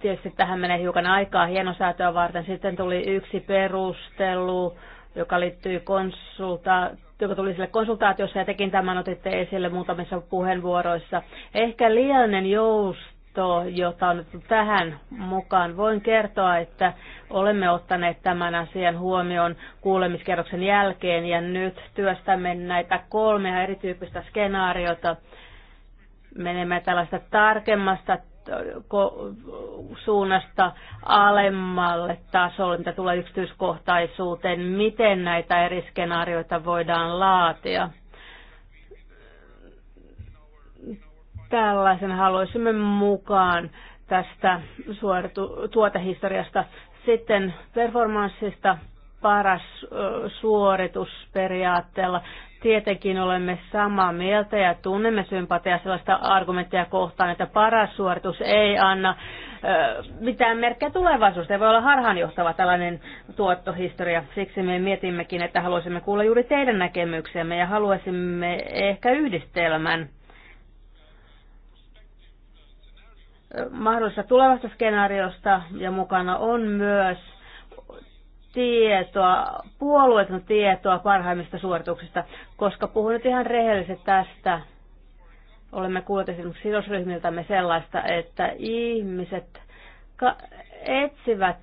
tietysti tähän menee hiukan aikaa hienosäätöä varten. Sitten tuli yksi perustelu, joka liittyy konsulta, joka tuli sille konsultaatiossa ja tekin tämän otitte esille muutamissa puheenvuoroissa. Ehkä liiallinen jousto, jota on otettu tähän mukaan. Voin kertoa, että olemme ottaneet tämän asian huomioon kuulemiskerroksen jälkeen ja nyt työstämme näitä kolmea erityyppistä skenaariota menemme tällaista tarkemmasta suunnasta alemmalle tasolle, mitä tulee yksityiskohtaisuuteen, miten näitä eri skenaarioita voidaan laatia. Tällaisen haluaisimme mukaan tästä suoritu- tuotehistoriasta. Sitten performanssista paras suoritusperiaatteella. Tietenkin olemme samaa mieltä ja tunnemme sympatiaa sellaista argumenttia kohtaan, että paras suoritus ei anna mitään merkkejä tulevaisuudesta. Ei voi olla harhaanjohtava tällainen tuottohistoria. Siksi me mietimmekin, että haluaisimme kuulla juuri teidän näkemyksiämme ja haluaisimme ehkä yhdistelmän mahdollisesta tulevasta skenaariosta ja mukana on myös tietoa, puolueeton tietoa parhaimmista suorituksista, koska puhun nyt ihan rehellisesti tästä. Olemme kuulleet esimerkiksi sidosryhmiltämme sellaista, että ihmiset etsivät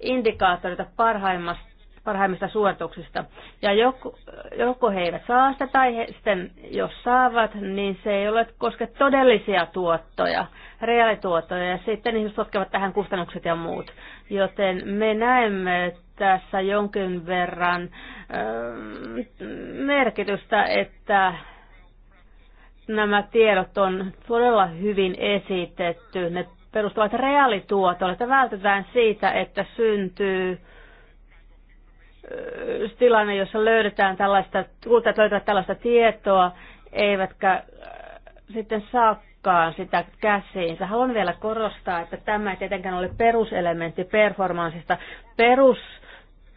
indikaattoreita parhaimmasta parhaimmista suorituksista. Ja joko, joko he eivät saa sitä tai he sitten, jos saavat, niin se ei ole koske todellisia tuottoja, reaalituottoja. Ja sitten ihmiset sotkevat tähän kustannukset ja muut joten me näemme tässä jonkin verran merkitystä, että nämä tiedot on todella hyvin esitetty. Ne perustuvat reaalituotolle, että vältetään siitä, että syntyy tilanne, jossa löydetään tällaista, kuluttajat löytävät tällaista tietoa, eivätkä sitten saa tarkkaan sitä käsiinsä. Haluan vielä korostaa, että tämä ei tietenkään ole peruselementti performanssista. Perus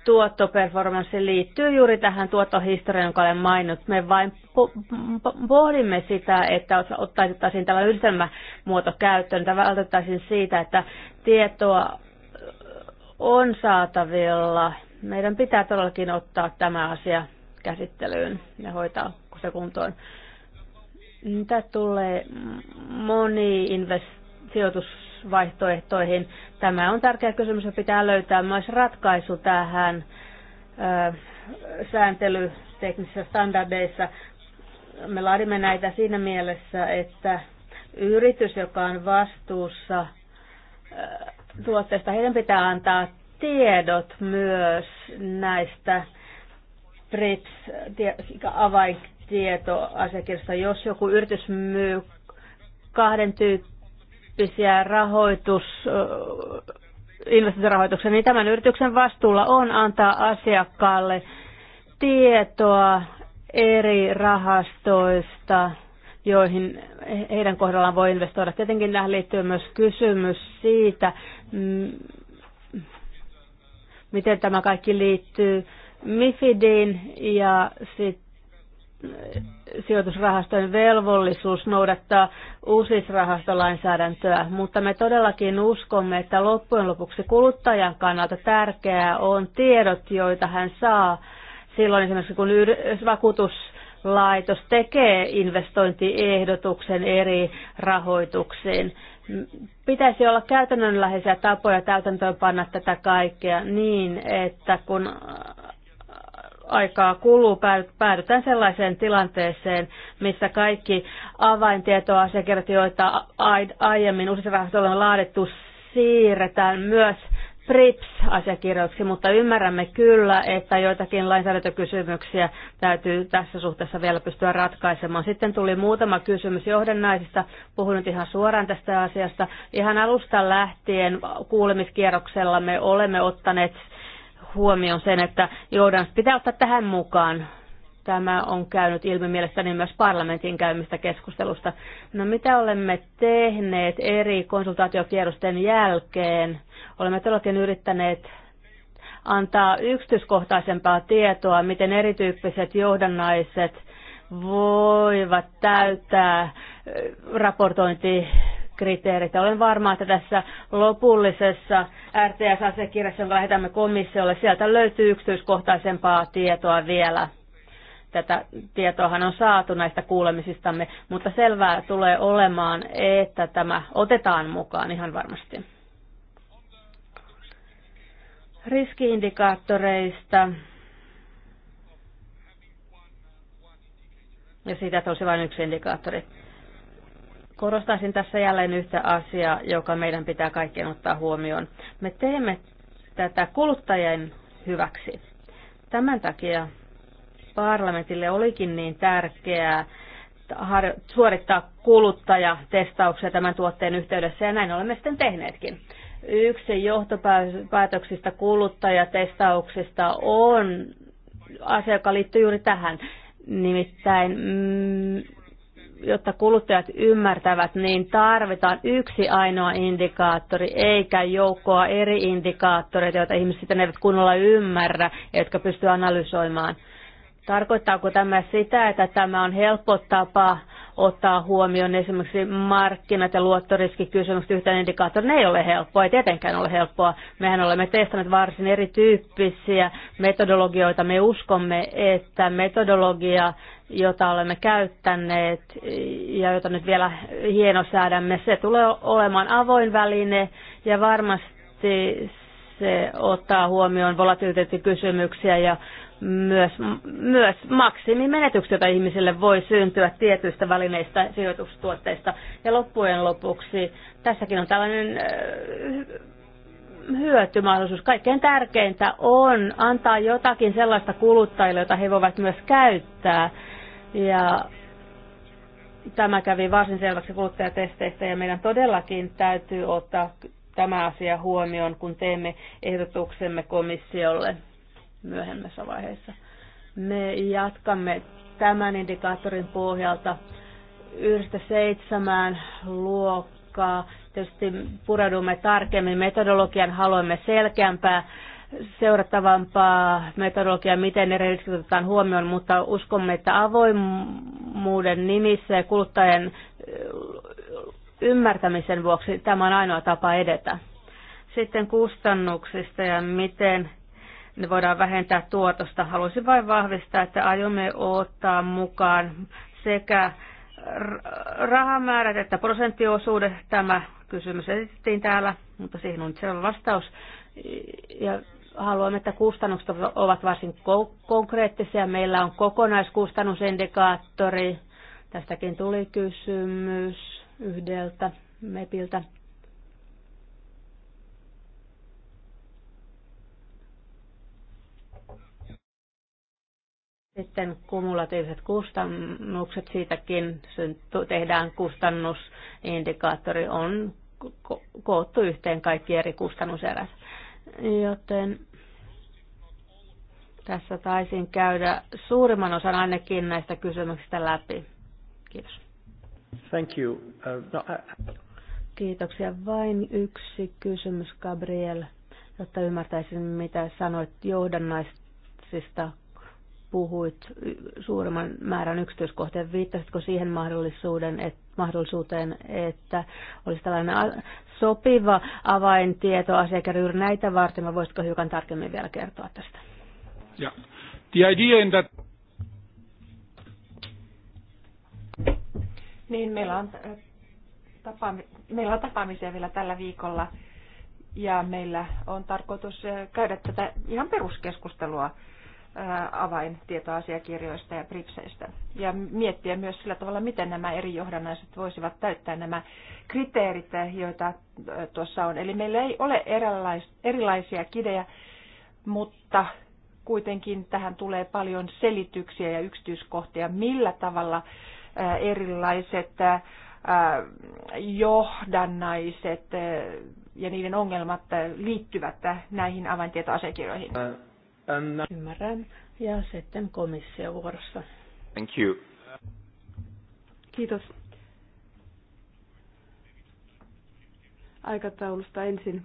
tuottoperformanssi liittyy juuri tähän tuottohistoriaan, jonka olen maininnut. Me vain pohdimme sitä, että ottaisiin tämä yhdistelmämuoto käyttöön, tämä vältettäisiin siitä, että tietoa on saatavilla. Meidän pitää todellakin ottaa tämä asia käsittelyyn ja hoitaa se kuntoon. Mitä tulee moni-sijoitusvaihtoehtoihin? Tämä on tärkeä kysymys ja pitää löytää myös ratkaisu tähän sääntelyteknisissä standardeissa. Me laadimme näitä siinä mielessä, että yritys, joka on vastuussa tuotteesta, heidän pitää antaa tiedot myös näistä TRIPS-avainkirjoista tietoasiakirjasta. Jos joku yritys myy kahden tyyppisiä rahoitus, investointirahoituksia, niin tämän yrityksen vastuulla on antaa asiakkaalle tietoa eri rahastoista, joihin heidän kohdallaan voi investoida. Tietenkin tähän liittyy myös kysymys siitä, miten tämä kaikki liittyy MIFIDiin ja sitten sijoitusrahastojen velvollisuus noudattaa uusisrahastolainsäädäntöä, mutta me todellakin uskomme, että loppujen lopuksi kuluttajan kannalta tärkeää on tiedot, joita hän saa silloin esimerkiksi kun vakuutuslaitos tekee investointiehdotuksen eri rahoituksiin. Pitäisi olla käytännönläheisiä tapoja täytäntöönpanna tätä kaikkea niin, että kun aikaa kuluu, päädytään sellaiseen tilanteeseen, missä kaikki avaintietoasiakirjat, joita aiemmin uusissa rahastoilla on laadittu, siirretään myös PRIPS-asiakirjoiksi, mutta ymmärrämme kyllä, että joitakin lainsäädäntökysymyksiä täytyy tässä suhteessa vielä pystyä ratkaisemaan. Sitten tuli muutama kysymys johdannaisista. Puhun nyt ihan suoraan tästä asiasta. Ihan alusta lähtien kuulemiskierroksella me olemme ottaneet huomioon sen, että Jordans pitää ottaa tähän mukaan. Tämä on käynyt ilmi mielestäni myös parlamentin käymistä keskustelusta. No mitä olemme tehneet eri konsultaatiokierrosten jälkeen? Olemme todellakin yrittäneet antaa yksityiskohtaisempaa tietoa, miten erityyppiset johdannaiset voivat täyttää raportointi kriteerit. Olen varma, että tässä lopullisessa RTS-asiakirjassa, jonka lähetämme komissiolle, sieltä löytyy yksityiskohtaisempaa tietoa vielä. Tätä tietoahan on saatu näistä kuulemisistamme, mutta selvää tulee olemaan, että tämä otetaan mukaan ihan varmasti. Riskiindikaattoreista. Ja siitä, että olisi vain yksi indikaattori Korostaisin tässä jälleen yhtä asiaa, joka meidän pitää kaikkien ottaa huomioon. Me teemme tätä kuluttajien hyväksi. Tämän takia parlamentille olikin niin tärkeää suorittaa kuluttajatestauksia tämän tuotteen yhteydessä, ja näin olemme sitten tehneetkin. Yksi johtopäätöksistä kuluttajatestauksista on asia, joka liittyy juuri tähän. Nimittäin mm, jotta kuluttajat ymmärtävät, niin tarvitaan yksi ainoa indikaattori, eikä joukkoa eri indikaattoreita, joita ihmiset sitten eivät kunnolla ymmärrä, jotka pystyvät analysoimaan. Tarkoittaako tämä sitä, että tämä on helppo tapa ottaa huomioon esimerkiksi markkinat ja luottoriskikysymykset yhtään indikaattorin ei ole helppoa, ei tietenkään ole helppoa. Mehän olemme testanneet varsin erityyppisiä metodologioita. Me uskomme, että metodologia, jota olemme käyttäneet ja jota nyt vielä hienosäädämme, se tulee olemaan avoin väline ja varmasti se ottaa huomioon volatiliteettikysymyksiä ja myös, myös maksimimenetykset, joita ihmisille voi syntyä tietyistä välineistä, sijoitustuotteista. Ja loppujen lopuksi tässäkin on tällainen äh, hyötymahdollisuus. Kaikkein tärkeintä on antaa jotakin sellaista kuluttajille, jota he voivat myös käyttää. Ja tämä kävi varsin selväksi kuluttajatesteistä ja meidän todellakin täytyy ottaa tämä asia huomioon, kun teemme ehdotuksemme komissiolle myöhemmässä vaiheessa. Me jatkamme tämän indikaattorin pohjalta yhdestä seitsemään luokkaa. Tietysti pureudumme tarkemmin metodologian, haluamme selkeämpää, seurattavampaa metodologiaa, miten eri riskit otetaan huomioon, mutta uskomme, että avoimuuden nimissä ja kuluttajien ymmärtämisen vuoksi tämä on ainoa tapa edetä. Sitten kustannuksista ja miten ne voidaan vähentää tuotosta. Haluaisin vain vahvistaa, että aiomme ottaa mukaan sekä rahamäärät että prosenttiosuudet. Tämä kysymys esitettiin täällä, mutta siihen on selvä vastaus. Ja haluamme, että kustannukset ovat varsin konkreettisia. Meillä on kokonaiskustannusindikaattori. Tästäkin tuli kysymys yhdeltä MEPiltä. Sitten kumulatiiviset kustannukset, siitäkin tehdään kustannusindikaattori, on koottu yhteen kaikki eri kustannuserät. Joten tässä taisin käydä suurimman osan ainakin näistä kysymyksistä läpi. Kiitos. Thank you. Uh, no, I... Kiitoksia. Vain yksi kysymys, Gabriel, jotta ymmärtäisin, mitä sanoit johdannaisista puhuit suuremman määrän yksityiskohtia. Viittasitko siihen mahdollisuuden, et, mahdollisuuteen, että olisi tällainen sopiva avaintieto asiakirja juuri näitä varten? Mä voisitko hiukan tarkemmin vielä kertoa tästä? Ja. The idea in that... Niin, meillä on, äh, tapaami, meillä on tapaamisia vielä tällä viikolla ja meillä on tarkoitus äh, käydä tätä ihan peruskeskustelua avaintietoasiakirjoista ja pripseistä. Ja miettiä myös sillä tavalla, miten nämä eri johdannaiset voisivat täyttää nämä kriteerit, joita tuossa on. Eli meillä ei ole erilaisia kidejä, mutta kuitenkin tähän tulee paljon selityksiä ja yksityiskohtia, millä tavalla erilaiset johdannaiset ja niiden ongelmat liittyvät näihin avaintietoasiakirjoihin. Ymmärrän. Ja sitten komissio vuorossa. Thank you. Kiitos. Aikataulusta ensin.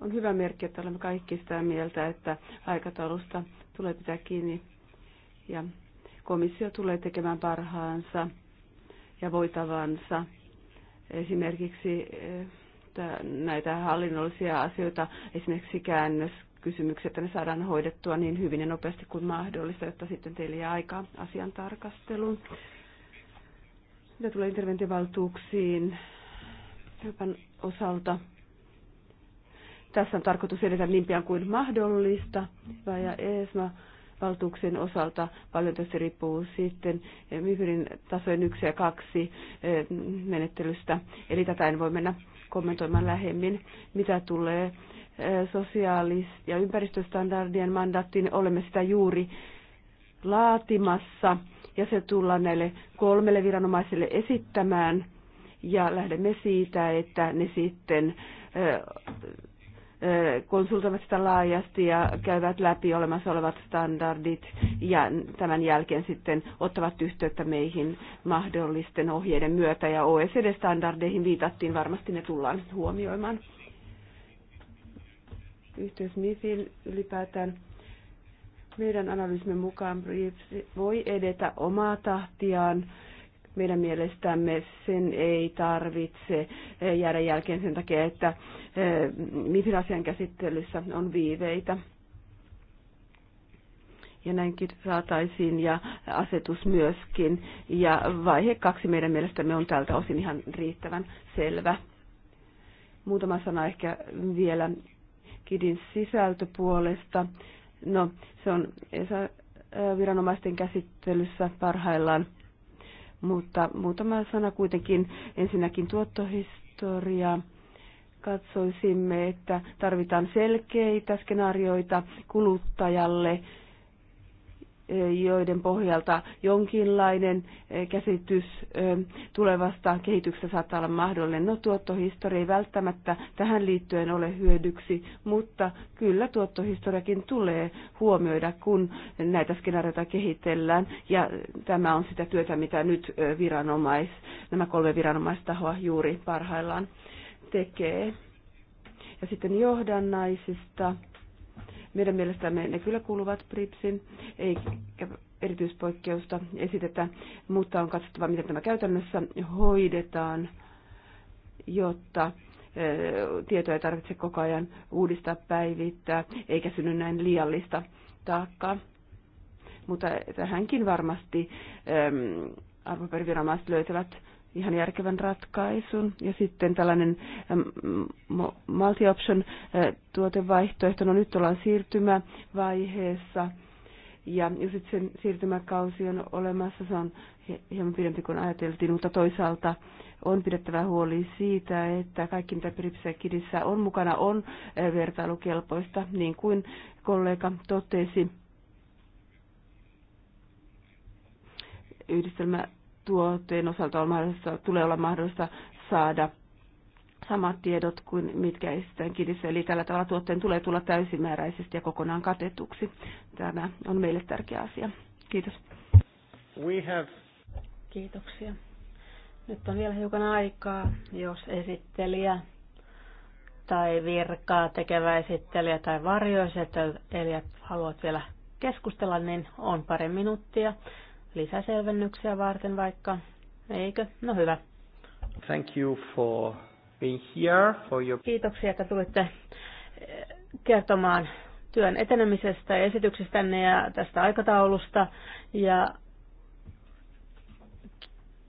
On hyvä merkki, että olemme kaikki sitä mieltä, että aikataulusta tulee pitää kiinni ja komissio tulee tekemään parhaansa ja voitavansa. Esimerkiksi eh, näitä hallinnollisia asioita, esimerkiksi käännös kysymykset, että ne saadaan hoidettua niin hyvin ja nopeasti kuin mahdollista, jotta sitten teille jää aikaa asian tarkasteluun. Mitä tulee interventivaltuuksiin hyvän osalta? Tässä on tarkoitus edetä niin pian kuin mahdollista. Ja ESMA valtuuksien osalta paljon tässä riippuu sitten MIFIRin tasojen yksi ja kaksi eh, menettelystä. Eli tätä en voi mennä kommentoimaan lähemmin, mitä tulee eh, sosiaalis- ja ympäristöstandardien mandaattiin. Olemme sitä juuri laatimassa ja se tullaan näille kolmelle viranomaiselle esittämään ja lähdemme siitä, että ne sitten eh, konsultoivat sitä laajasti ja käyvät läpi olemassa olevat standardit ja tämän jälkeen sitten ottavat yhteyttä meihin mahdollisten ohjeiden myötä ja OECD-standardeihin viitattiin, varmasti ne tullaan huomioimaan. Yhteys MIFIL ylipäätään meidän analyysimme mukaan brief voi edetä omaa tahtiaan meidän mielestämme sen ei tarvitse eh, jäädä jälkeen sen takia, että eh, mihin asian käsittelyssä on viiveitä ja näinkin saataisiin ja asetus myöskin. Ja vaihe kaksi meidän mielestämme on tältä osin ihan riittävän selvä. Muutama sana ehkä vielä KIDin sisältöpuolesta. No, se on eh, viranomaisten käsittelyssä parhaillaan mutta muutama sana kuitenkin. Ensinnäkin tuottohistoria. Katsoisimme, että tarvitaan selkeitä skenaarioita kuluttajalle joiden pohjalta jonkinlainen eh, käsitys eh, tulevasta kehityksestä saattaa olla mahdollinen. No tuottohistoria ei välttämättä tähän liittyen ole hyödyksi, mutta kyllä tuottohistoriakin tulee huomioida, kun näitä skenaarioita kehitellään. Ja tämä on sitä työtä, mitä nyt eh, viranomais, nämä kolme viranomaistahoa juuri parhaillaan tekee. Ja sitten johdannaisista meidän mielestämme ne kyllä kuuluvat BRIPSin, ei erityispoikkeusta esitetä, mutta on katsottava, miten tämä käytännössä hoidetaan, jotta tietoja ei tarvitse koko ajan uudistaa, päivittää, eikä synny näin liiallista taakkaa. Mutta tähänkin varmasti arvoperiviranomaiset löytävät ihan järkevän ratkaisun. Ja sitten tällainen multi-option tuotevaihtoehto, no nyt ollaan siirtymävaiheessa ja sitten siirtymäkausi on olemassa, se on hieman pidempi kuin ajateltiin, mutta toisaalta on pidettävä huoli siitä, että kaikki mitä Pripsekidissä on mukana on vertailukelpoista, niin kuin kollega totesi. Yhdistelmä tuotteen osalta on mahdollista, tulee olla mahdollista saada samat tiedot kuin mitkä esitetään kidissä. Eli tällä tavalla tuotteen tulee tulla täysimääräisesti ja kokonaan katetuksi. Tämä on meille tärkeä asia. Kiitos. We have... Kiitoksia. Nyt on vielä hiukan aikaa, jos esittelijä tai virkaa tekevä esittelijä tai eli haluat vielä keskustella, niin on pari minuuttia lisäselvennyksiä varten vaikka, eikö? No hyvä. Thank you for being here, for your... Kiitoksia, että tulitte eh, kertomaan työn etenemisestä ja esityksestänne ja tästä aikataulusta. Ja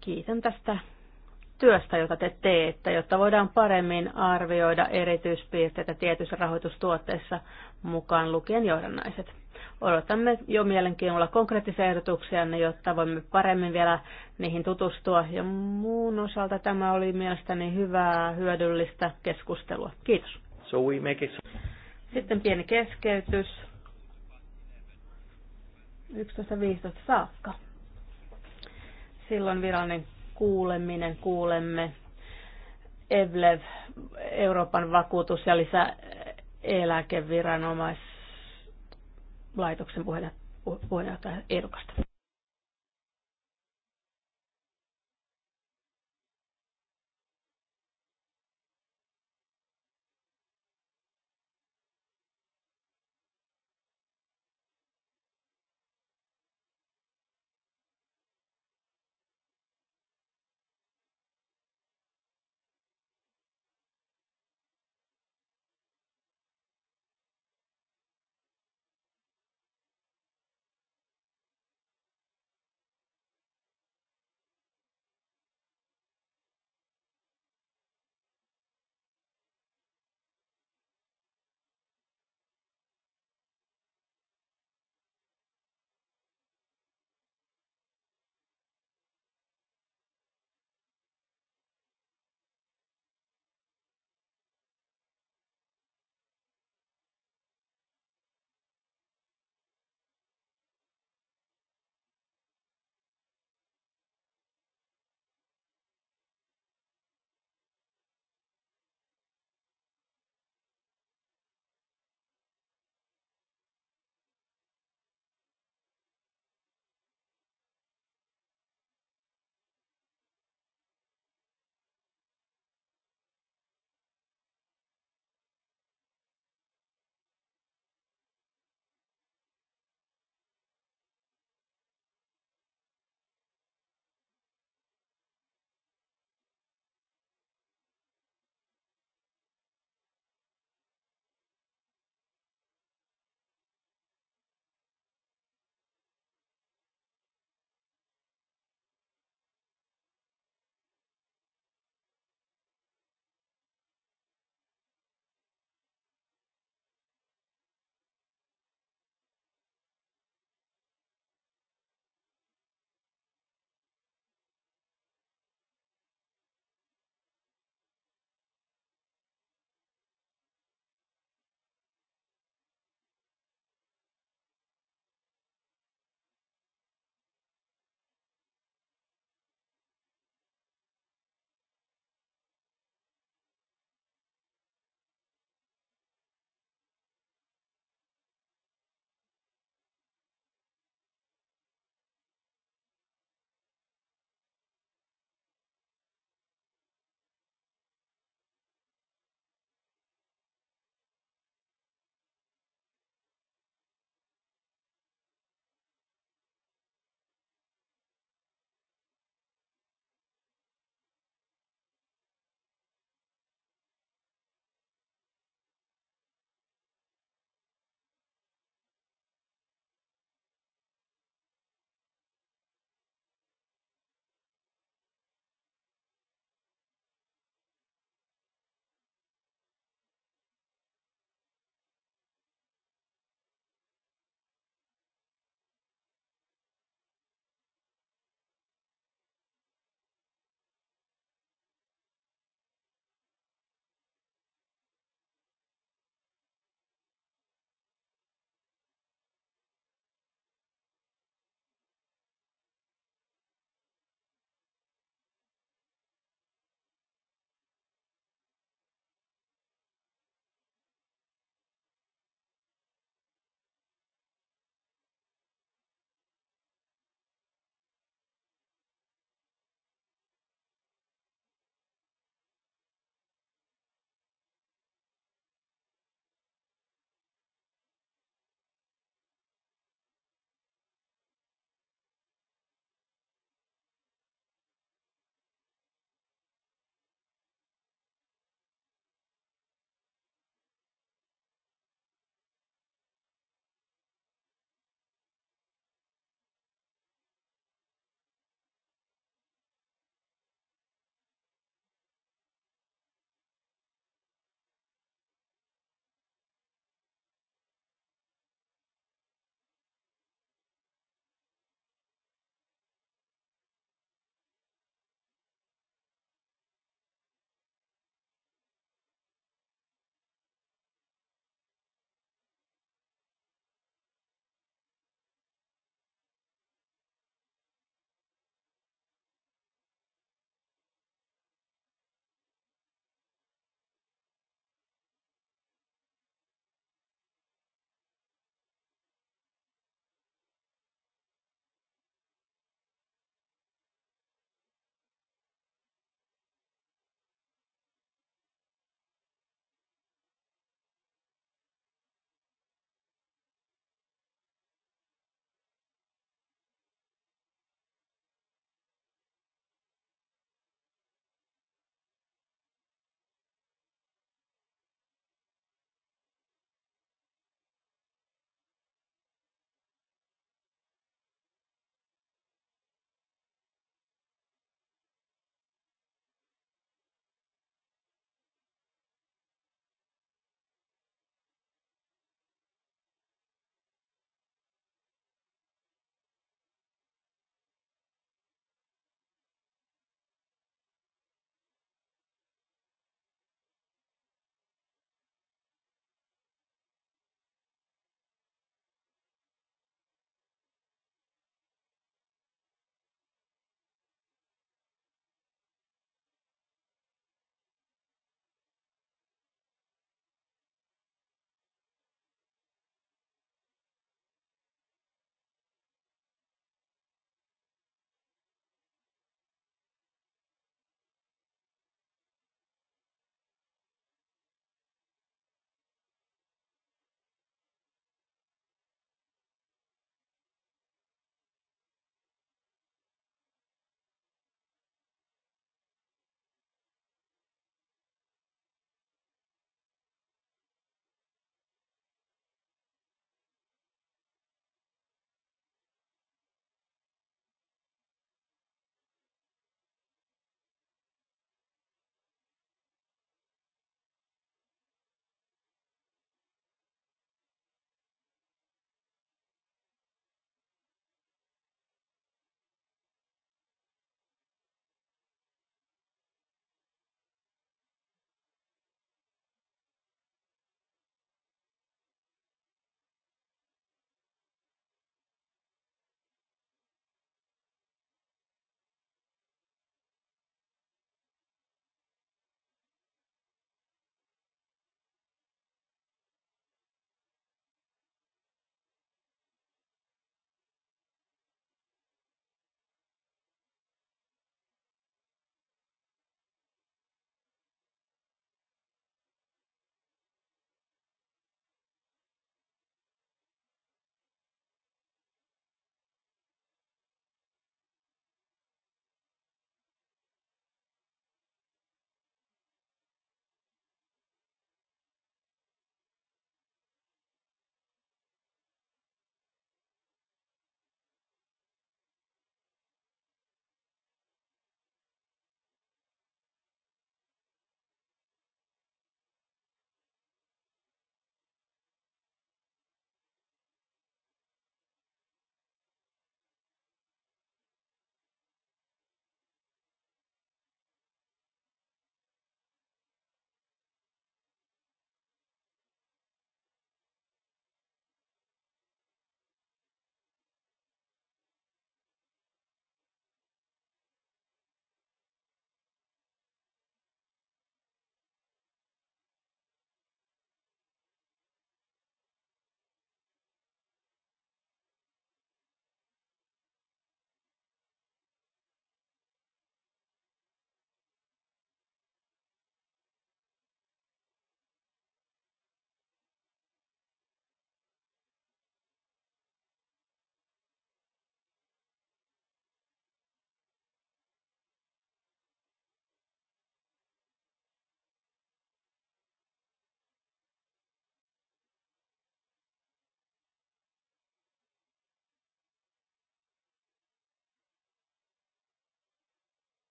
kiitän tästä työstä, jota te teette, jotta voidaan paremmin arvioida erityispiirteitä tietyissä rahoitustuotteissa mukaan lukien johdannaiset. Odotamme jo mielenkiinnolla konkreettisia ehdotuksia, jotta voimme paremmin vielä niihin tutustua. Ja muun osalta tämä oli mielestäni hyvää, hyödyllistä keskustelua. Kiitos. So we make it... Sitten pieni keskeytys. 11.15 saakka. Silloin virallinen kuuleminen kuulemme EVLEV, Euroopan vakuutus- ja lisäeläkeviranomais laitoksen puheenjohtaja ehdokasta.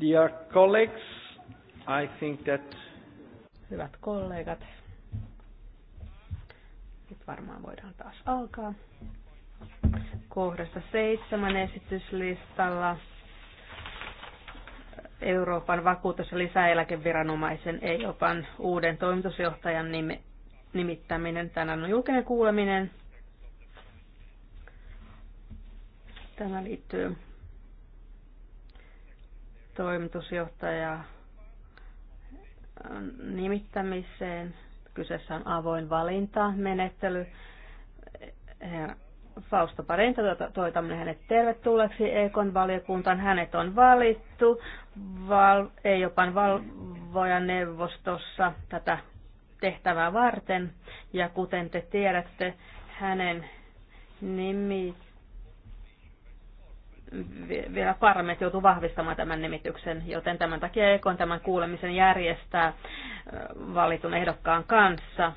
Dear colleagues, I think that... Hyvät kollegat, nyt varmaan voidaan taas alkaa. Kohdassa seitsemän esityslistalla Euroopan vakuutus- ja lisäeläkeviranomaisen EIOPan uuden toimitusjohtajan nimittäminen. Tänään on julkinen kuuleminen. Tämä liittyy toimitusjohtaja nimittämiseen. Kyseessä on avoin valinta, menettely. Fausto Parenta, tuota, toitamme hänet tervetulleeksi Ekon valiokuntaan. Hänet on valittu val, jopa valvojan neuvostossa tätä tehtävää varten. Ja kuten te tiedätte, hänen nimit vielä parlamentti joutuu vahvistamaan tämän nimityksen, joten tämän takia Ekon tämän kuulemisen järjestää valitun ehdokkaan kanssa.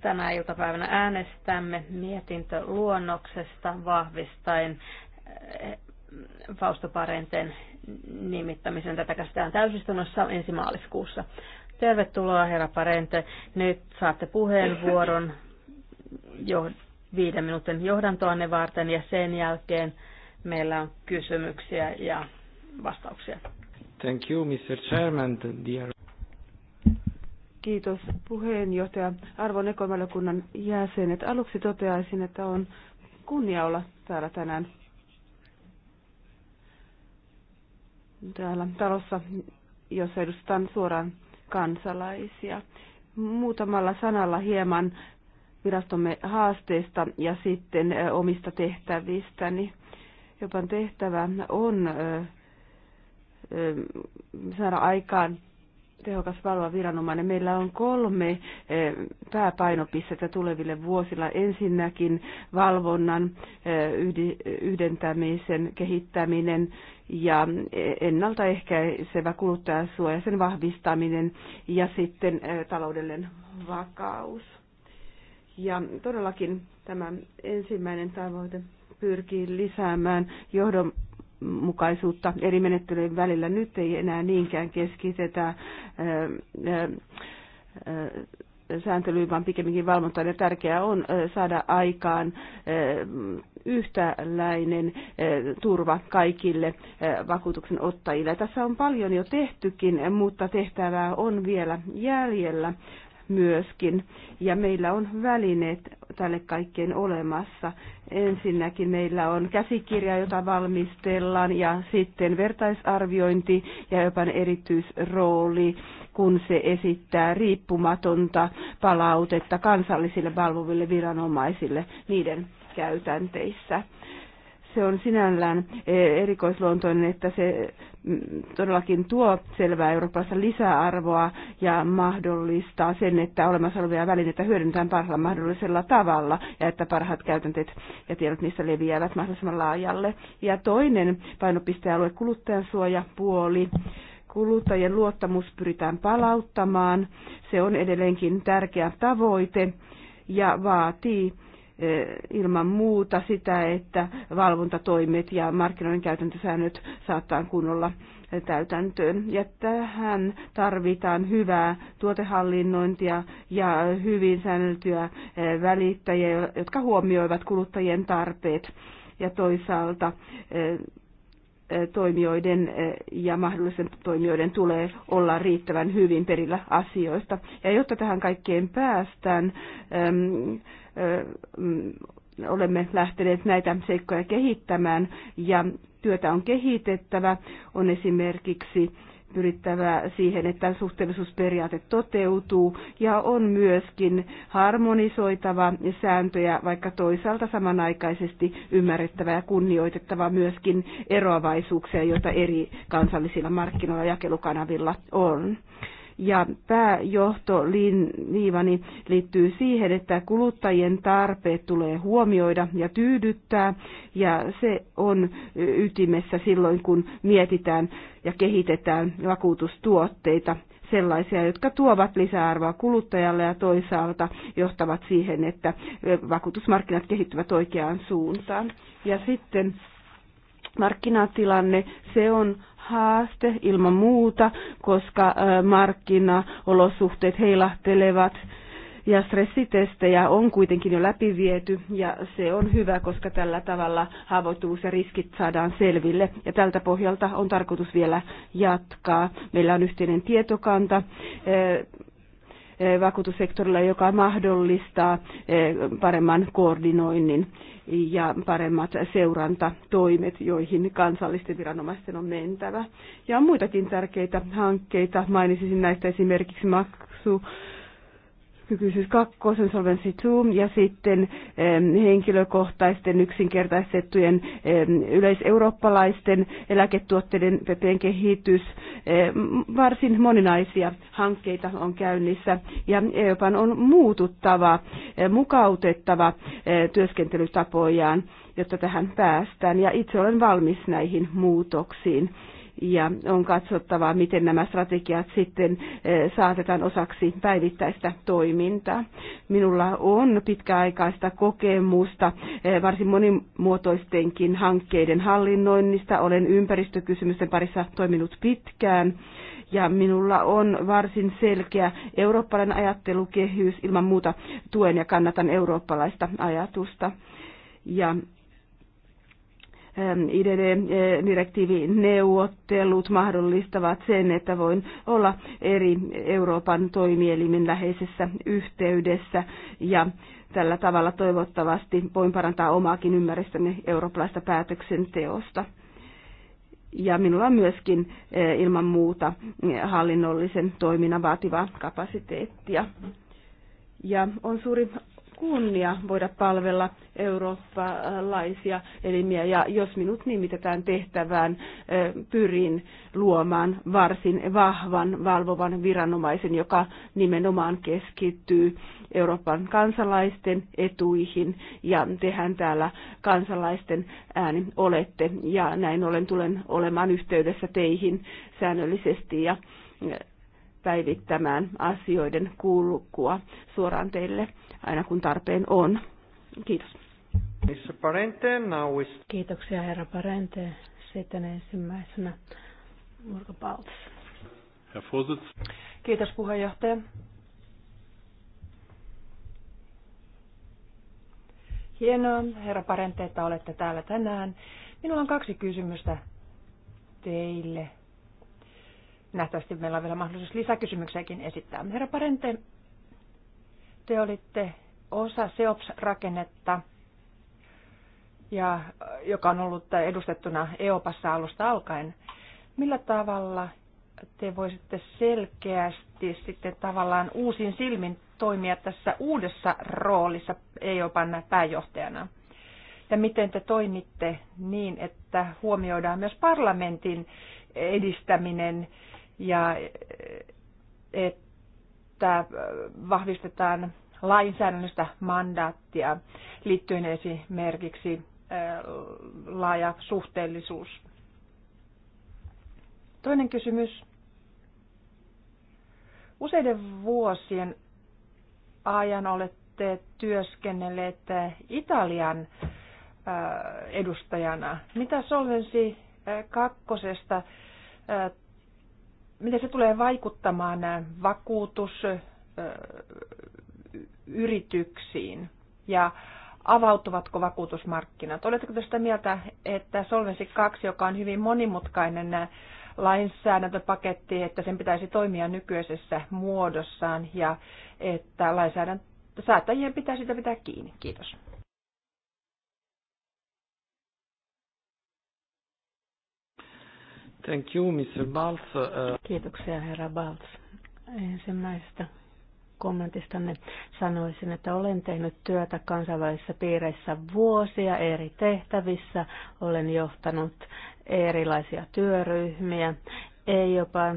Tänä iltapäivänä äänestämme mietintöluonnoksesta vahvistaen Fausto Parenten nimittämisen. Tätä käsitellään täysistunnossa ensi maaliskuussa. Tervetuloa herra Parente. Nyt saatte puheenvuoron viiden minuutin johdantoanne varten ja sen jälkeen meillä on kysymyksiä ja vastauksia. Thank you, Mr. Chairman. Dear... Kiitos puheenjohtaja. Arvon ekovaliokunnan jäsenet, aluksi toteaisin, että on kunnia olla täällä tänään täällä talossa, jossa edustan suoraan kansalaisia. Muutamalla sanalla hieman virastomme haasteista ja sitten omista tehtävistäni. Jopa tehtävä on saada aikaan tehokas valvoa viranomainen. Meillä on kolme pääpainopistettä tuleville vuosilla. Ensinnäkin valvonnan yhdentämisen kehittäminen ja ennaltaehkäisevä kuluttajasuoja, sen vahvistaminen ja sitten taloudellinen vakaus ja todellakin tämä ensimmäinen tavoite pyrkii lisäämään johdonmukaisuutta eri menettelyjen välillä. Nyt ei enää niinkään keskitetä sääntelyyn, vaan pikemminkin valvontaan. Ja tärkeää on saada aikaan yhtäläinen turva kaikille vakuutuksen ottajille. Tässä on paljon jo tehtykin, mutta tehtävää on vielä jäljellä myöskin. Ja meillä on välineet tälle kaikkeen olemassa. Ensinnäkin meillä on käsikirja, jota valmistellaan, ja sitten vertaisarviointi ja jopa erityisrooli, kun se esittää riippumatonta palautetta kansallisille valvoville viranomaisille niiden käytänteissä se on sinällään eh, erikoisluontoinen, että se mm, todellakin tuo selvää Euroopassa lisäarvoa ja mahdollistaa sen, että olemassa olevia välineitä hyödynnetään parhaalla mahdollisella tavalla ja että parhaat käytänteet ja tiedot niistä leviävät mahdollisimman laajalle. Ja toinen painopistealue kuluttajansuojapuoli. Kuluttajien luottamus pyritään palauttamaan. Se on edelleenkin tärkeä tavoite ja vaatii ilman muuta sitä, että valvontatoimet ja markkinoiden käytäntösäännöt saattaa kunnolla täytäntöön. Ja tähän tarvitaan hyvää tuotehallinnointia ja hyvin säänneltyä välittäjiä, jotka huomioivat kuluttajien tarpeet ja toisaalta toimijoiden ja mahdollisten toimijoiden tulee olla riittävän hyvin perillä asioista. Ja jotta tähän kaikkeen päästään, mm, olemme lähteneet näitä seikkoja kehittämään ja työtä on kehitettävä. On esimerkiksi pyrittävä siihen, että suhteellisuusperiaate toteutuu ja on myöskin harmonisoitava sääntöjä, vaikka toisaalta samanaikaisesti ymmärrettävä ja kunnioitettava myöskin eroavaisuuksia, joita eri kansallisilla markkinoilla ja jakelukanavilla on ja pääjohtoliivani liittyy siihen, että kuluttajien tarpeet tulee huomioida ja tyydyttää ja se on ytimessä silloin, kun mietitään ja kehitetään vakuutustuotteita sellaisia, jotka tuovat lisäarvoa kuluttajalle ja toisaalta johtavat siihen, että vakuutusmarkkinat kehittyvät oikeaan suuntaan. Ja sitten markkinatilanne, se on haaste ilman muuta, koska markkinaolosuhteet heilahtelevat ja stressitestejä on kuitenkin jo läpiviety ja se on hyvä, koska tällä tavalla haavoittuvuus ja riskit saadaan selville ja tältä pohjalta on tarkoitus vielä jatkaa. Meillä on yhteinen tietokanta Eh, vakuutussektorilla, joka mahdollistaa eh, paremman koordinoinnin ja paremmat seurantatoimet, joihin kansallisten viranomaisten on mentävä. Ja on muitakin tärkeitä hankkeita. Mainitsisin näistä esimerkiksi maksu kykyisyys kakkosen Solvency 2 ja sitten henkilökohtaisten yksinkertaistettujen yleiseurooppalaisten eläketuotteiden PPn kehitys. Varsin moninaisia hankkeita on käynnissä ja EUPAN on muututtava, mukautettava työskentelytapojaan, jotta tähän päästään ja itse olen valmis näihin muutoksiin ja on katsottava, miten nämä strategiat sitten eh, saatetaan osaksi päivittäistä toimintaa. Minulla on pitkäaikaista kokemusta eh, varsin monimuotoistenkin hankkeiden hallinnoinnista. Olen ympäristökysymysten parissa toiminut pitkään ja minulla on varsin selkeä eurooppalainen ajattelukehys. Ilman muuta tuen ja kannatan eurooppalaista ajatusta. Ja IDD-direktiivineuvottelut mahdollistavat sen, että voin olla eri Euroopan toimielimin läheisessä yhteydessä ja tällä tavalla toivottavasti voin parantaa omaakin ymmärrystäni eurooppalaista päätöksenteosta. Ja minulla on myöskin ilman muuta hallinnollisen toiminnan vaativaa kapasiteettia. Ja on suuri kunnia voida palvella eurooppalaisia elimiä ja jos minut nimitetään tehtävään, pyrin luomaan varsin vahvan valvovan viranomaisen, joka nimenomaan keskittyy Euroopan kansalaisten etuihin ja tehän täällä kansalaisten ääni olette ja näin ollen tulen olemaan yhteydessä teihin säännöllisesti ja päivittämään asioiden kulkua suoraan teille aina kun tarpeen on. Kiitos. Kiitoksia herra Parente. Sitten ensimmäisenä Urko Paltz. Kiitos puheenjohtaja. Hienoa, herra Parente, että olette täällä tänään. Minulla on kaksi kysymystä teille Nähtävästi meillä on vielä mahdollisuus lisäkysymyksiäkin esittää. Herra Parente, te olitte osa SEOPS-rakennetta, ja, joka on ollut edustettuna EOPassa alusta alkaen. Millä tavalla te voisitte selkeästi sitten tavallaan uusin silmin toimia tässä uudessa roolissa EOPan pääjohtajana? Ja miten te toimitte niin, että huomioidaan myös parlamentin edistäminen ja e, että vahvistetaan lainsäädännöstä mandaattia liittyen esimerkiksi e, laaja suhteellisuus. Toinen kysymys. Useiden vuosien ajan olette työskennelleet Italian e, edustajana. Mitä Solvensi kakkosesta miten se tulee vaikuttamaan äh, vakuutusyrityksiin äh, ja avautuvatko vakuutusmarkkinat? Oletteko te sitä mieltä, että Solvensi 2, joka on hyvin monimutkainen äh, lainsäädäntöpaketti, että sen pitäisi toimia nykyisessä muodossaan ja että lainsäädäntö säätäjien pitää sitä pitää kiinni? Kiitos. Thank you, Mr. Balz. Uh, Kiitoksia, herra Balz. Ensimmäisestä kommentistanne sanoisin, että olen tehnyt työtä kansainvälisissä piireissä vuosia eri tehtävissä. Olen johtanut erilaisia työryhmiä, ei jopa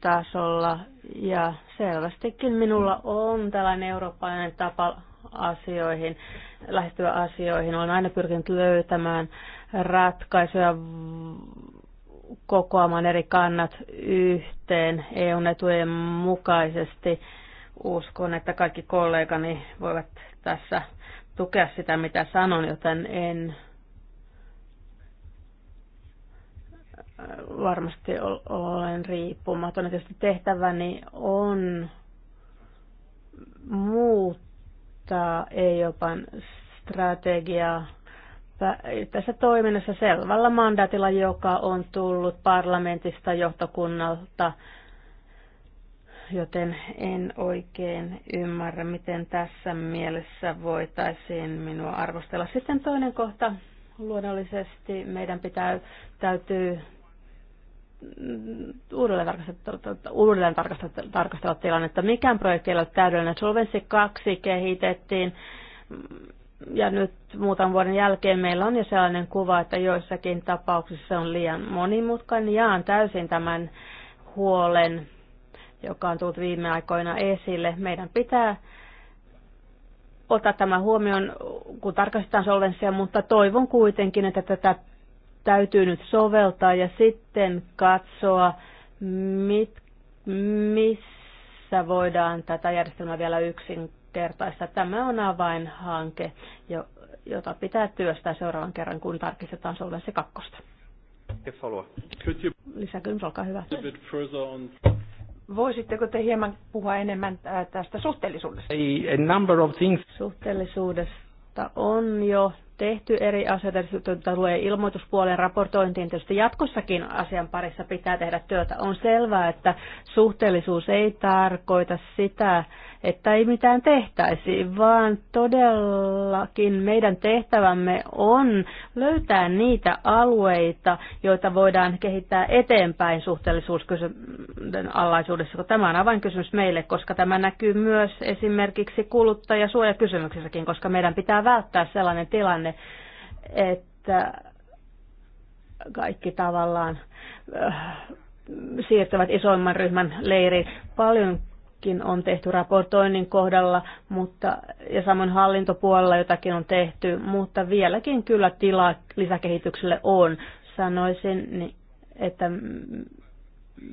tasolla ja selvästikin minulla on tällainen eurooppalainen tapa asioihin, lähestyä asioihin. Olen aina pyrkinyt löytämään ratkaisuja kokoamaan eri kannat yhteen eu etujen mukaisesti. Uskon, että kaikki kollegani voivat tässä tukea sitä, mitä sanon, joten en varmasti olen riippumaton. Tietysti tehtäväni on muuttaa ei jopa strategiaa tässä toiminnassa selvällä mandaatilla, joka on tullut parlamentista johtokunnalta, joten en oikein ymmärrä, miten tässä mielessä voitaisiin minua arvostella. Sitten toinen kohta. Luonnollisesti meidän pitää, täytyy uudelleen tarkastella, uudelleen tarkastella, tarkastella tilannetta. Mikään projekti ei ole täydellinen. Solvenssi 2 kehitettiin ja nyt muutaman vuoden jälkeen meillä on jo sellainen kuva, että joissakin tapauksissa on liian monimutkainen. Jaan täysin tämän huolen, joka on tullut viime aikoina esille. Meidän pitää ottaa tämä huomioon, kun tarkastetaan solvenssia, mutta toivon kuitenkin, että tätä täytyy nyt soveltaa ja sitten katsoa, mit, missä voidaan tätä järjestelmää vielä yksin yksinkertaista. Tämä on avainhanke, jota pitää työstää seuraavan kerran, kun tarkistetaan se kakkosta. Lisäkymys, olkaa hyvä. Voisitteko te hieman puhua enemmän tästä suhteellisuudesta? A number of things. Suhteellisuudesta on jo tehty eri asioita, joita tulee ilmoituspuolen raportointiin. Tietysti jatkossakin asian parissa pitää tehdä työtä. On selvää, että suhteellisuus ei tarkoita sitä, että ei mitään tehtäisi, vaan todellakin meidän tehtävämme on löytää niitä alueita, joita voidaan kehittää eteenpäin suhteellisuuskysymyksen alaisuudessa. Tämä on avainkysymys meille, koska tämä näkyy myös esimerkiksi kuluttajasuojakysymyksessäkin, koska meidän pitää välttää sellainen tilanne, että kaikki tavallaan äh, siirtävät isoimman ryhmän leiriin. Paljon jotakin on tehty raportoinnin kohdalla mutta, ja samoin hallintopuolella jotakin on tehty, mutta vieläkin kyllä tilaa lisäkehitykselle on. Sanoisin, niin, että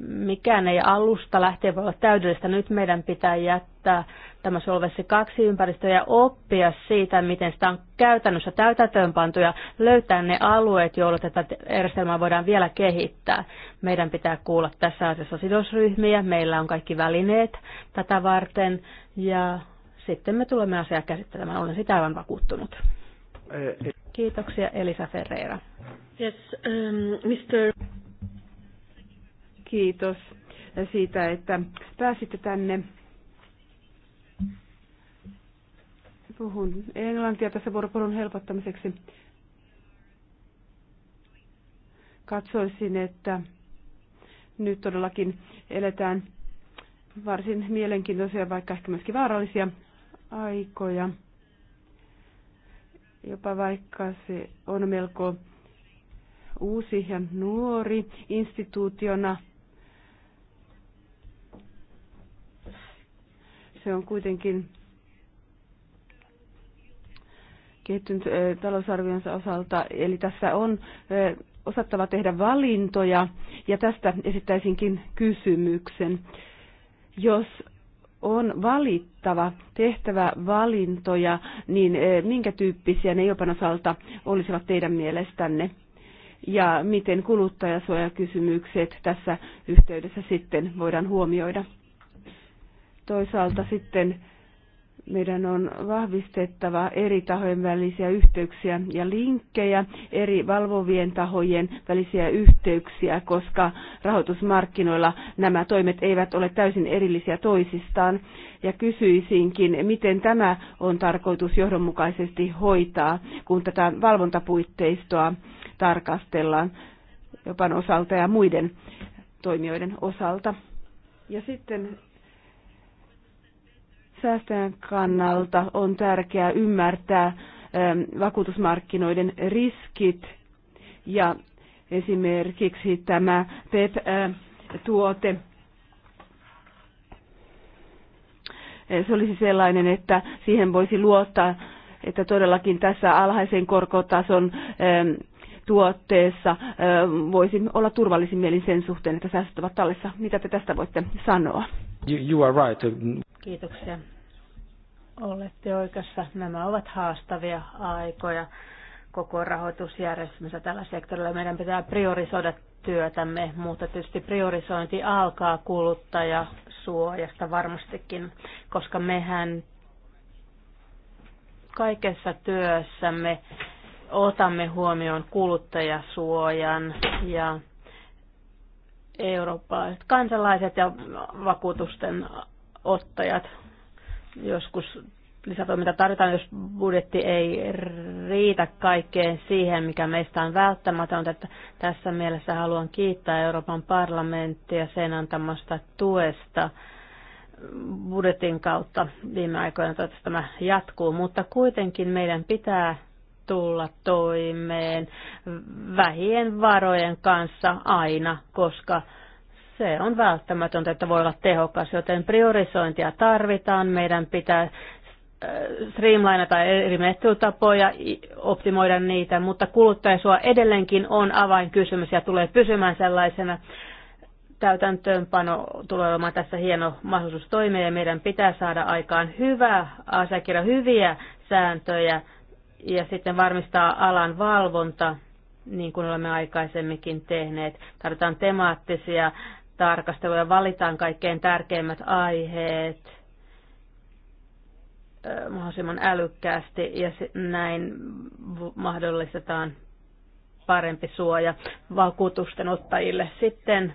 mikään ei alusta lähtien voi olla täydellistä. Nyt meidän pitää jättää tämä Solvessi 2 ympäristö ja oppia siitä, miten sitä on käytännössä täytäntöönpantu ja löytää ne alueet, joilla tätä järjestelmää voidaan vielä kehittää. Meidän pitää kuulla tässä asiassa sidosryhmiä, meillä on kaikki välineet tätä varten ja sitten me tulemme asiaa käsittelemään. Olen sitä aivan vakuuttunut. Eh, eh. Kiitoksia Elisa Ferreira. Yes, um, Mr. Kiitos siitä, että pääsitte tänne. Puhun englantia tässä vuoropuhelun helpottamiseksi. Katsoisin, että nyt todellakin eletään varsin mielenkiintoisia, vaikka ehkä myöskin vaarallisia aikoja. Jopa vaikka se on melko uusi ja nuori instituutiona – Se on kuitenkin kehittynyt talousarvionsa osalta. Eli tässä on osattava tehdä valintoja ja tästä esittäisinkin kysymyksen. Jos on valittava, tehtävä valintoja, niin minkä tyyppisiä ne jopa osalta olisivat teidän mielestänne? Ja miten kuluttajasuojakysymykset tässä yhteydessä sitten voidaan huomioida? Toisaalta sitten meidän on vahvistettava eri tahojen välisiä yhteyksiä ja linkkejä, eri valvovien tahojen välisiä yhteyksiä, koska rahoitusmarkkinoilla nämä toimet eivät ole täysin erillisiä toisistaan. Ja kysyisinkin, miten tämä on tarkoitus johdonmukaisesti hoitaa, kun tätä valvontapuitteistoa tarkastellaan jopa osalta ja muiden toimijoiden osalta. Ja sitten Säästäjän kannalta on tärkeää ymmärtää ähm, vakuutusmarkkinoiden riskit ja esimerkiksi tämä PEP-tuote ähm, äh, se olisi sellainen, että siihen voisi luottaa, että todellakin tässä alhaisen korkotason ähm, tuotteessa voisi olla turvallisin mielin sen suhteen, että säästöt ovat tallessa. Mitä te tästä voitte sanoa? You, you are right. Kiitoksia. Olette oikeassa. Nämä ovat haastavia aikoja koko rahoitusjärjestelmässä tällä sektorilla. Meidän pitää priorisoida työtämme, mutta tietysti priorisointi alkaa kuluttajasuojasta varmastikin, koska mehän kaikessa työssämme otamme huomioon kuluttajasuojan ja eurooppalaiset kansalaiset ja vakuutusten ottajat. Joskus lisätoiminta tarvitaan, jos budjetti ei riitä kaikkeen siihen, mikä meistä on välttämätöntä. että Tässä mielessä haluan kiittää Euroopan parlamenttia sen antamasta tuesta budjetin kautta viime aikoina. Toivottavasti tämä jatkuu, mutta kuitenkin meidän pitää tulla toimeen vähien varojen kanssa aina, koska se on välttämätöntä, että voi olla tehokas, joten priorisointia tarvitaan. Meidän pitää äh, streamlinata eri menettelytapoja, optimoida niitä, mutta kuluttajasua edelleenkin on avainkysymys ja tulee pysymään sellaisena. Täytäntöönpano tulee olemaan tässä hieno mahdollisuus toimia ja meidän pitää saada aikaan hyvä asiakirja, hyviä sääntöjä ja sitten varmistaa alan valvonta, niin kuin olemme aikaisemminkin tehneet. Tarvitaan temaattisia tarkastelu ja valitaan kaikkein tärkeimmät aiheet mahdollisimman älykkäästi ja näin mahdollistetaan parempi suoja vakuutusten ottajille. Sitten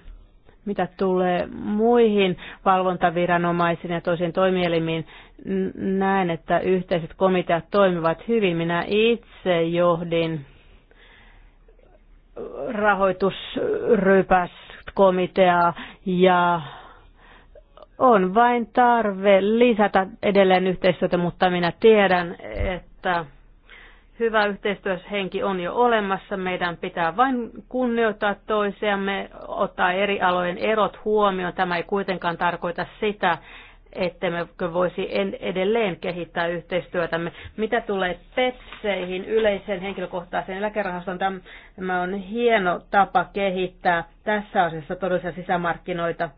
mitä tulee muihin valvontaviranomaisiin ja toisiin toimielimiin, näen, että yhteiset komiteat toimivat hyvin. Minä itse johdin rahoitusrypäs komiteaa ja on vain tarve lisätä edelleen yhteistyötä, mutta minä tiedän, että hyvä yhteistyöshenki on jo olemassa. Meidän pitää vain kunnioittaa toisiamme, ottaa eri alojen erot huomioon. Tämä ei kuitenkaan tarkoita sitä, että me voisi edelleen kehittää yhteistyötämme. Mitä tulee PETSEihin, yleiseen henkilökohtaiseen eläkerahastoon, tämä on hieno tapa kehittää tässä asiassa todellisia sisämarkkinoita.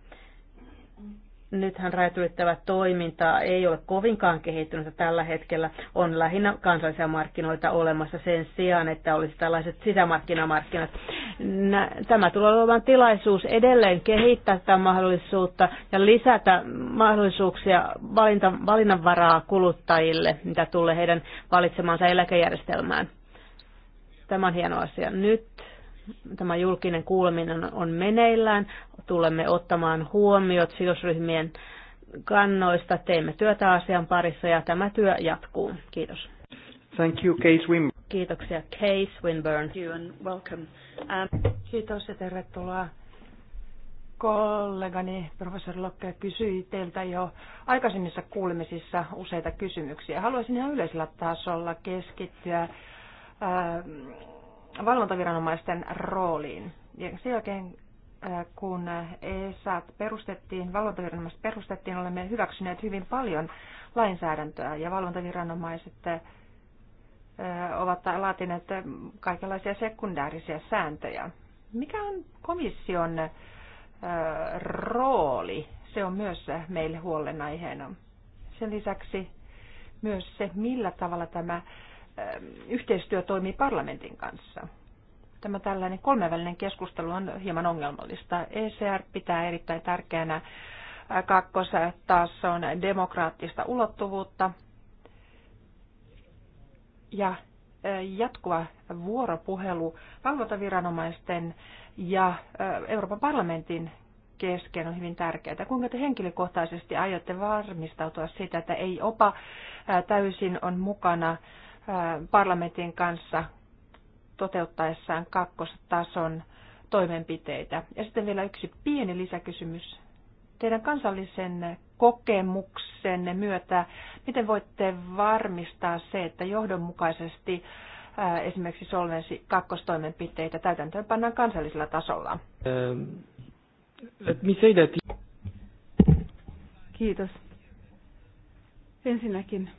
Nythän rajatylittävää toimintaa ei ole kovinkaan kehittynyt tällä hetkellä. On lähinnä kansallisia markkinoita olemassa sen sijaan, että olisi tällaiset sisämarkkinamarkkinat. Tämä tulee olemaan tilaisuus edelleen kehittää tätä mahdollisuutta ja lisätä mahdollisuuksia valinta, valinnanvaraa kuluttajille, mitä tulee heidän valitsemaansa eläkejärjestelmään. Tämä on hieno asia. Nyt tämä julkinen kuuleminen on meneillään. Tulemme ottamaan huomiot sidosryhmien kannoista. Teemme työtä asian parissa ja tämä työ jatkuu. Kiitos. Thank you, Kate Wim. Kiitoksia Kay Swinburne. You and welcome. Um... Kiitos ja tervetuloa. Kollegani professori Lokke kysyi teiltä jo aikaisemmissa kuulemisissa useita kysymyksiä. Haluaisin ihan yleisellä tasolla keskittyä ähm, valvontaviranomaisten rooliin. Ja sen jälkeen äh, kun ESAT perustettiin, valvontaviranomaiset perustettiin, olemme hyväksyneet hyvin paljon lainsäädäntöä ja valvontaviranomaiset äh, ovat laatineet kaikenlaisia sekundäärisiä sääntöjä. Mikä on komission rooli? Se on myös meille huolenaiheena. Sen lisäksi myös se, millä tavalla tämä yhteistyö toimii parlamentin kanssa. Tämä tällainen kolmenvälinen keskustelu on hieman ongelmallista. ECR pitää erittäin tärkeänä kakkostason demokraattista ulottuvuutta, ja jatkuva vuoropuhelu valvontaviranomaisten ja Euroopan parlamentin kesken on hyvin tärkeää. Kuinka te henkilökohtaisesti aiotte varmistautua siitä, että ei opa täysin on mukana parlamentin kanssa toteuttaessaan kakkostason toimenpiteitä? Ja sitten vielä yksi pieni lisäkysymys teidän kansallisen kokemuksenne myötä, miten voitte varmistaa se, että johdonmukaisesti esimerkiksi solvensi kakkostoimenpiteitä täytäntöön pannaan kansallisella tasolla? Ähm, Kiitos. Ensinnäkin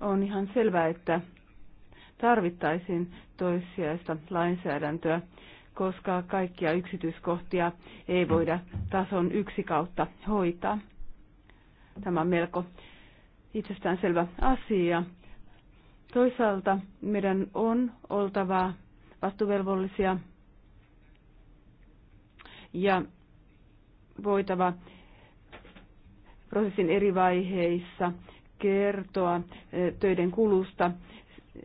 on ihan selvää, että tarvittaisiin toissijaista lainsäädäntöä koska kaikkia yksityiskohtia ei voida tason yksi kautta hoitaa. Tämä on melko itsestäänselvä asia. Toisaalta meidän on oltava vastuvelvollisia ja voitava prosessin eri vaiheissa kertoa eh, töiden kulusta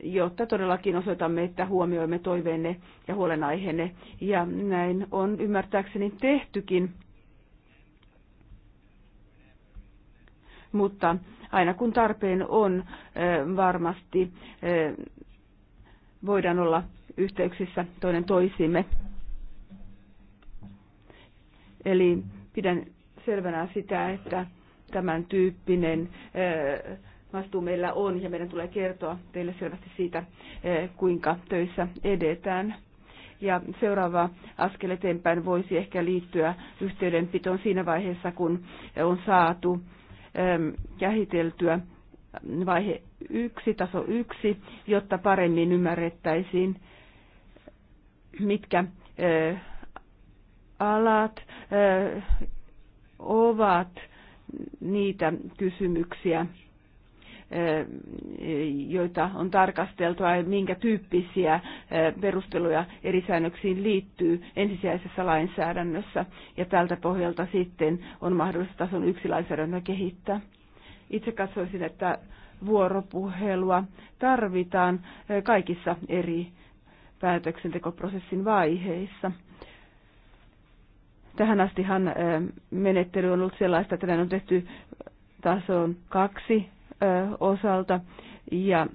jotta todellakin osoitamme, että huomioimme toiveenne ja huolenaiheenne. Ja näin on ymmärtääkseni tehtykin. Mutta aina kun tarpeen on, varmasti voidaan olla yhteyksissä toinen toisimme. Eli pidän selvänä sitä, että tämän tyyppinen vastuu meillä on ja meidän tulee kertoa teille selvästi siitä, eh, kuinka töissä edetään. Ja seuraava askel eteenpäin voisi ehkä liittyä yhteydenpitoon siinä vaiheessa, kun on saatu kähiteltyä vaihe yksi, taso yksi, jotta paremmin ymmärrettäisiin, mitkä eh, alat eh, ovat niitä kysymyksiä, Eh, joita on tarkasteltu ja minkä tyyppisiä eh, perusteluja eri säännöksiin liittyy ensisijaisessa lainsäädännössä. Ja tältä pohjalta sitten on mahdollista tason yksi lainsäädäntö kehittää. Itse katsoisin, että vuoropuhelua tarvitaan eh, kaikissa eri päätöksentekoprosessin vaiheissa tähän astihan menettely on ollut sellaista, että on tehty tason kaksi osalta ja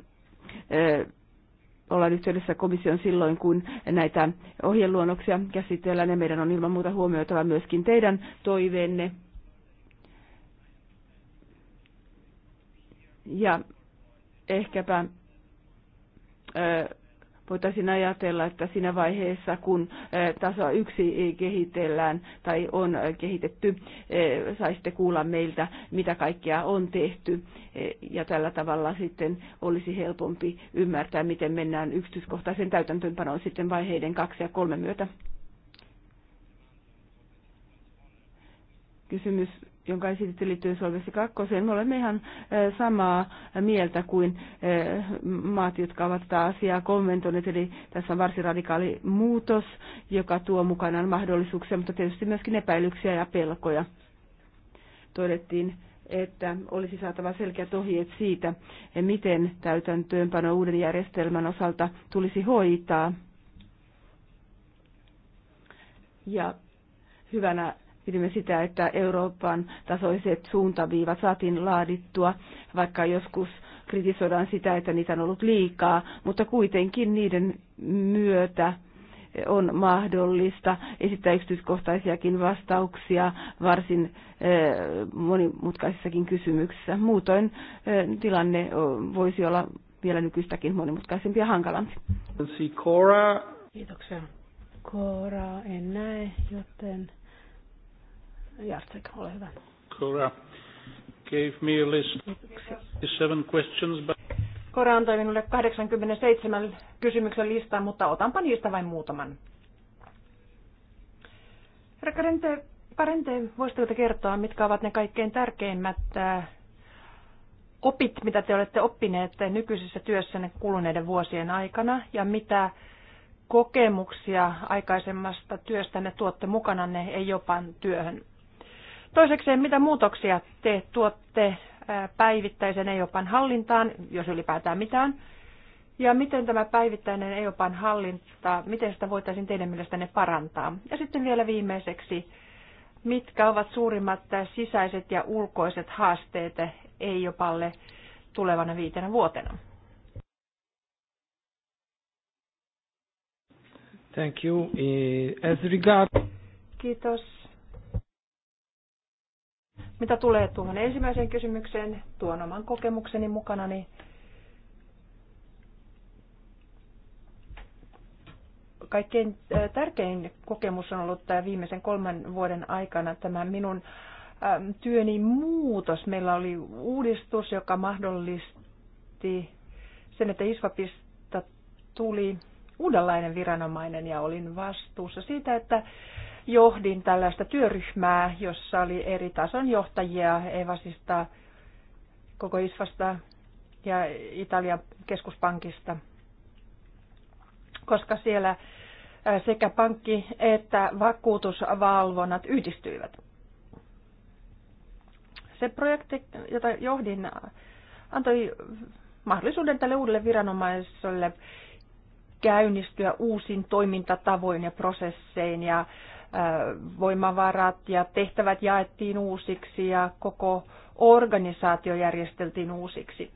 ollaan yhteydessä komission silloin, kun näitä ohjeluonnoksia käsitellään ja meidän on ilman muuta huomioitava myöskin teidän toiveenne. Ja ehkäpä voitaisiin ajatella, että siinä vaiheessa, kun taso yksi kehitellään tai on kehitetty, saisitte kuulla meiltä, mitä kaikkea on tehty. Ja tällä tavalla sitten olisi helpompi ymmärtää, miten mennään yksityiskohtaisen täytäntöönpanoon sitten vaiheiden kaksi ja kolme myötä. Kysymys jonka esitetty liittyy Solvessi kakkoseen. Me olemme ihan samaa mieltä kuin maat, jotka ovat tätä asiaa kommentoineet, eli tässä on varsin radikaali muutos, joka tuo mukanaan mahdollisuuksia, mutta tietysti myöskin epäilyksiä ja pelkoja. Todettiin, että olisi saatava selkeät ohjeet siitä, miten täytäntöönpano uuden järjestelmän osalta tulisi hoitaa. Ja hyvänä pidimme sitä, että Euroopan tasoiset suuntaviivat saatiin laadittua, vaikka joskus kritisoidaan sitä, että niitä on ollut liikaa, mutta kuitenkin niiden myötä on mahdollista esittää yksityiskohtaisiakin vastauksia varsin eh, monimutkaisissakin kysymyksissä. Muutoin eh, tilanne voisi olla vielä nykyistäkin monimutkaisempi ja hankalampi. Kiitoksia. Koora en näe, joten Jartsek, ole hyvä. Cora gave me a list seven questions, but... Kora antoi minulle 87 kysymyksen listaa, mutta otanpa niistä vain muutaman. Herra Karente, Karente, voisitteko kertoa, mitkä ovat ne kaikkein tärkeimmät äh, opit, mitä te olette oppineet nykyisessä työssänne kuluneiden vuosien aikana ja mitä kokemuksia aikaisemmasta työstänne tuotte mukananne ei jopa työhön? Toisekseen, mitä muutoksia te tuotte päivittäisen EOPan hallintaan, jos ylipäätään mitään? Ja miten tämä päivittäinen EOPan hallinta, miten sitä voitaisiin teidän mielestänne parantaa? Ja sitten vielä viimeiseksi, mitkä ovat suurimmat sisäiset ja ulkoiset haasteet EOPalle tulevana viitenä vuotena? Thank you. Eh, as regard... Kiitos. Mitä tulee tuohon ensimmäiseen kysymykseen, tuon oman kokemukseni mukana, niin kaikkein äh, tärkein kokemus on ollut tämä viimeisen kolmen vuoden aikana tämä minun ähm, työni muutos. Meillä oli uudistus, joka mahdollisti sen, että ISVAPista tuli uudenlainen viranomainen ja olin vastuussa siitä, että johdin tällaista työryhmää, jossa oli eri tason johtajia Evasista, koko Isvasta ja Italian keskuspankista, koska siellä sekä pankki että vakuutusvalvonnat yhdistyivät. Se projekti, jota johdin, antoi mahdollisuuden tälle uudelle viranomaiselle käynnistyä uusin toimintatavoin ja prosessein ja voimavarat ja tehtävät jaettiin uusiksi ja koko organisaatio järjesteltiin uusiksi.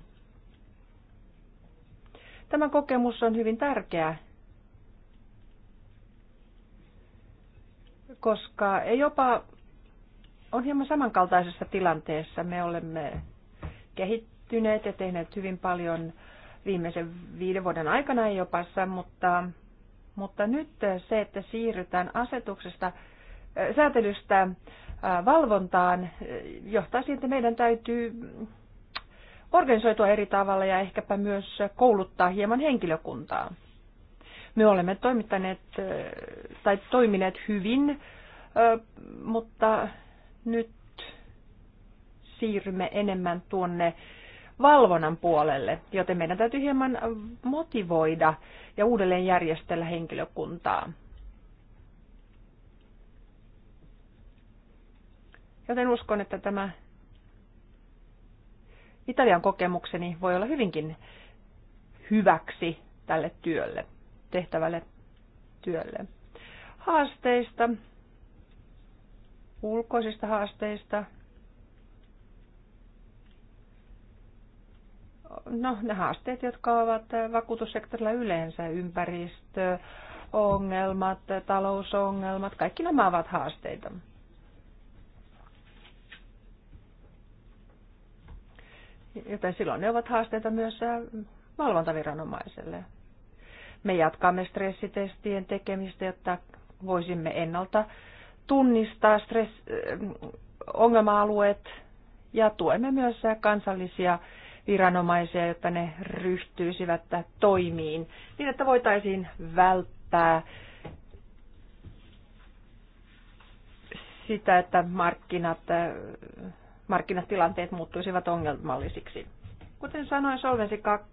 Tämä kokemus on hyvin tärkeä, koska ei jopa on hieman samankaltaisessa tilanteessa. Me olemme kehittyneet ja tehneet hyvin paljon viimeisen viiden vuoden aikana Ei jopassa, mutta mutta nyt se, että siirrytään asetuksesta äh, säätelystä äh, valvontaan, äh, johtaa siihen, että meidän täytyy organisoitua eri tavalla ja ehkäpä myös kouluttaa hieman henkilökuntaa. Me olemme toimittaneet tai toimineet hyvin, mutta nyt siirrymme enemmän tuonne valvonnan puolelle, joten meidän täytyy hieman motivoida ja uudelleen järjestellä henkilökuntaa. Joten uskon, että tämä Italian kokemukseni voi olla hyvinkin hyväksi tälle työlle, tehtävälle työlle. Haasteista, ulkoisista haasteista, no, ne haasteet, jotka ovat vakuutussektorilla yleensä, ympäristö, ongelmat, talousongelmat, kaikki nämä ovat haasteita. Joten silloin ne ovat haasteita myös valvontaviranomaiselle. Me jatkamme stressitestien tekemistä, jotta voisimme ennalta tunnistaa stress, ongelma-alueet ja tuemme myös kansallisia viranomaisia, jotta ne ryhtyisivät toimiin niin, että voitaisiin välttää sitä, että markkinat, markkinatilanteet muuttuisivat ongelmallisiksi. Kuten sanoin, Solvensi 2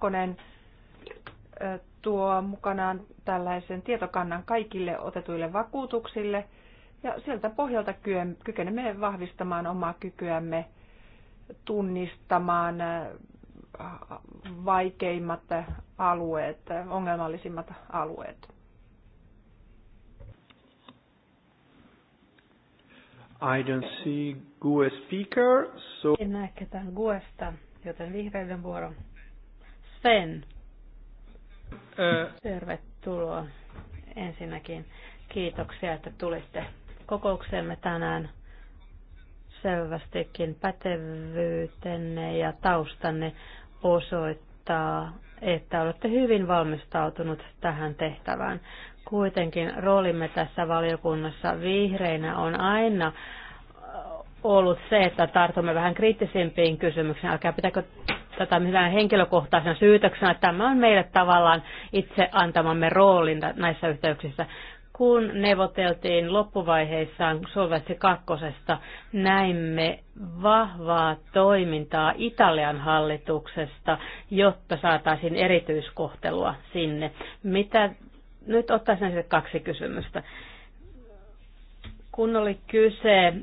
tuo mukanaan tällaisen tietokannan kaikille otetuille vakuutuksille ja sieltä pohjalta kykenemme vahvistamaan omaa kykyämme tunnistamaan vaikeimmat alueet, ongelmallisimmat alueet? I don't see GUE speaker, so... En näe ketään GUEsta, joten vihreiden vuoro. Sven. Uh, Tervetuloa ensinnäkin. Kiitoksia, että tulitte kokoukseemme tänään selvästikin pätevyytenne ja taustanne osoittaa, että olette hyvin valmistautunut tähän tehtävään. Kuitenkin roolimme tässä valiokunnassa vihreinä on aina ollut se, että tartumme vähän kriittisimpiin kysymyksiin. Älkää pitääkö tätä millään henkilökohtaisena syytöksenä. Tämä on meille tavallaan itse antamamme roolin näissä yhteyksissä kun neuvoteltiin loppuvaiheissaan Suomessa kakkosesta, näimme vahvaa toimintaa Italian hallituksesta, jotta saataisiin erityiskohtelua sinne. Mitä, nyt ottaisin näistä kaksi kysymystä. Kun oli kyse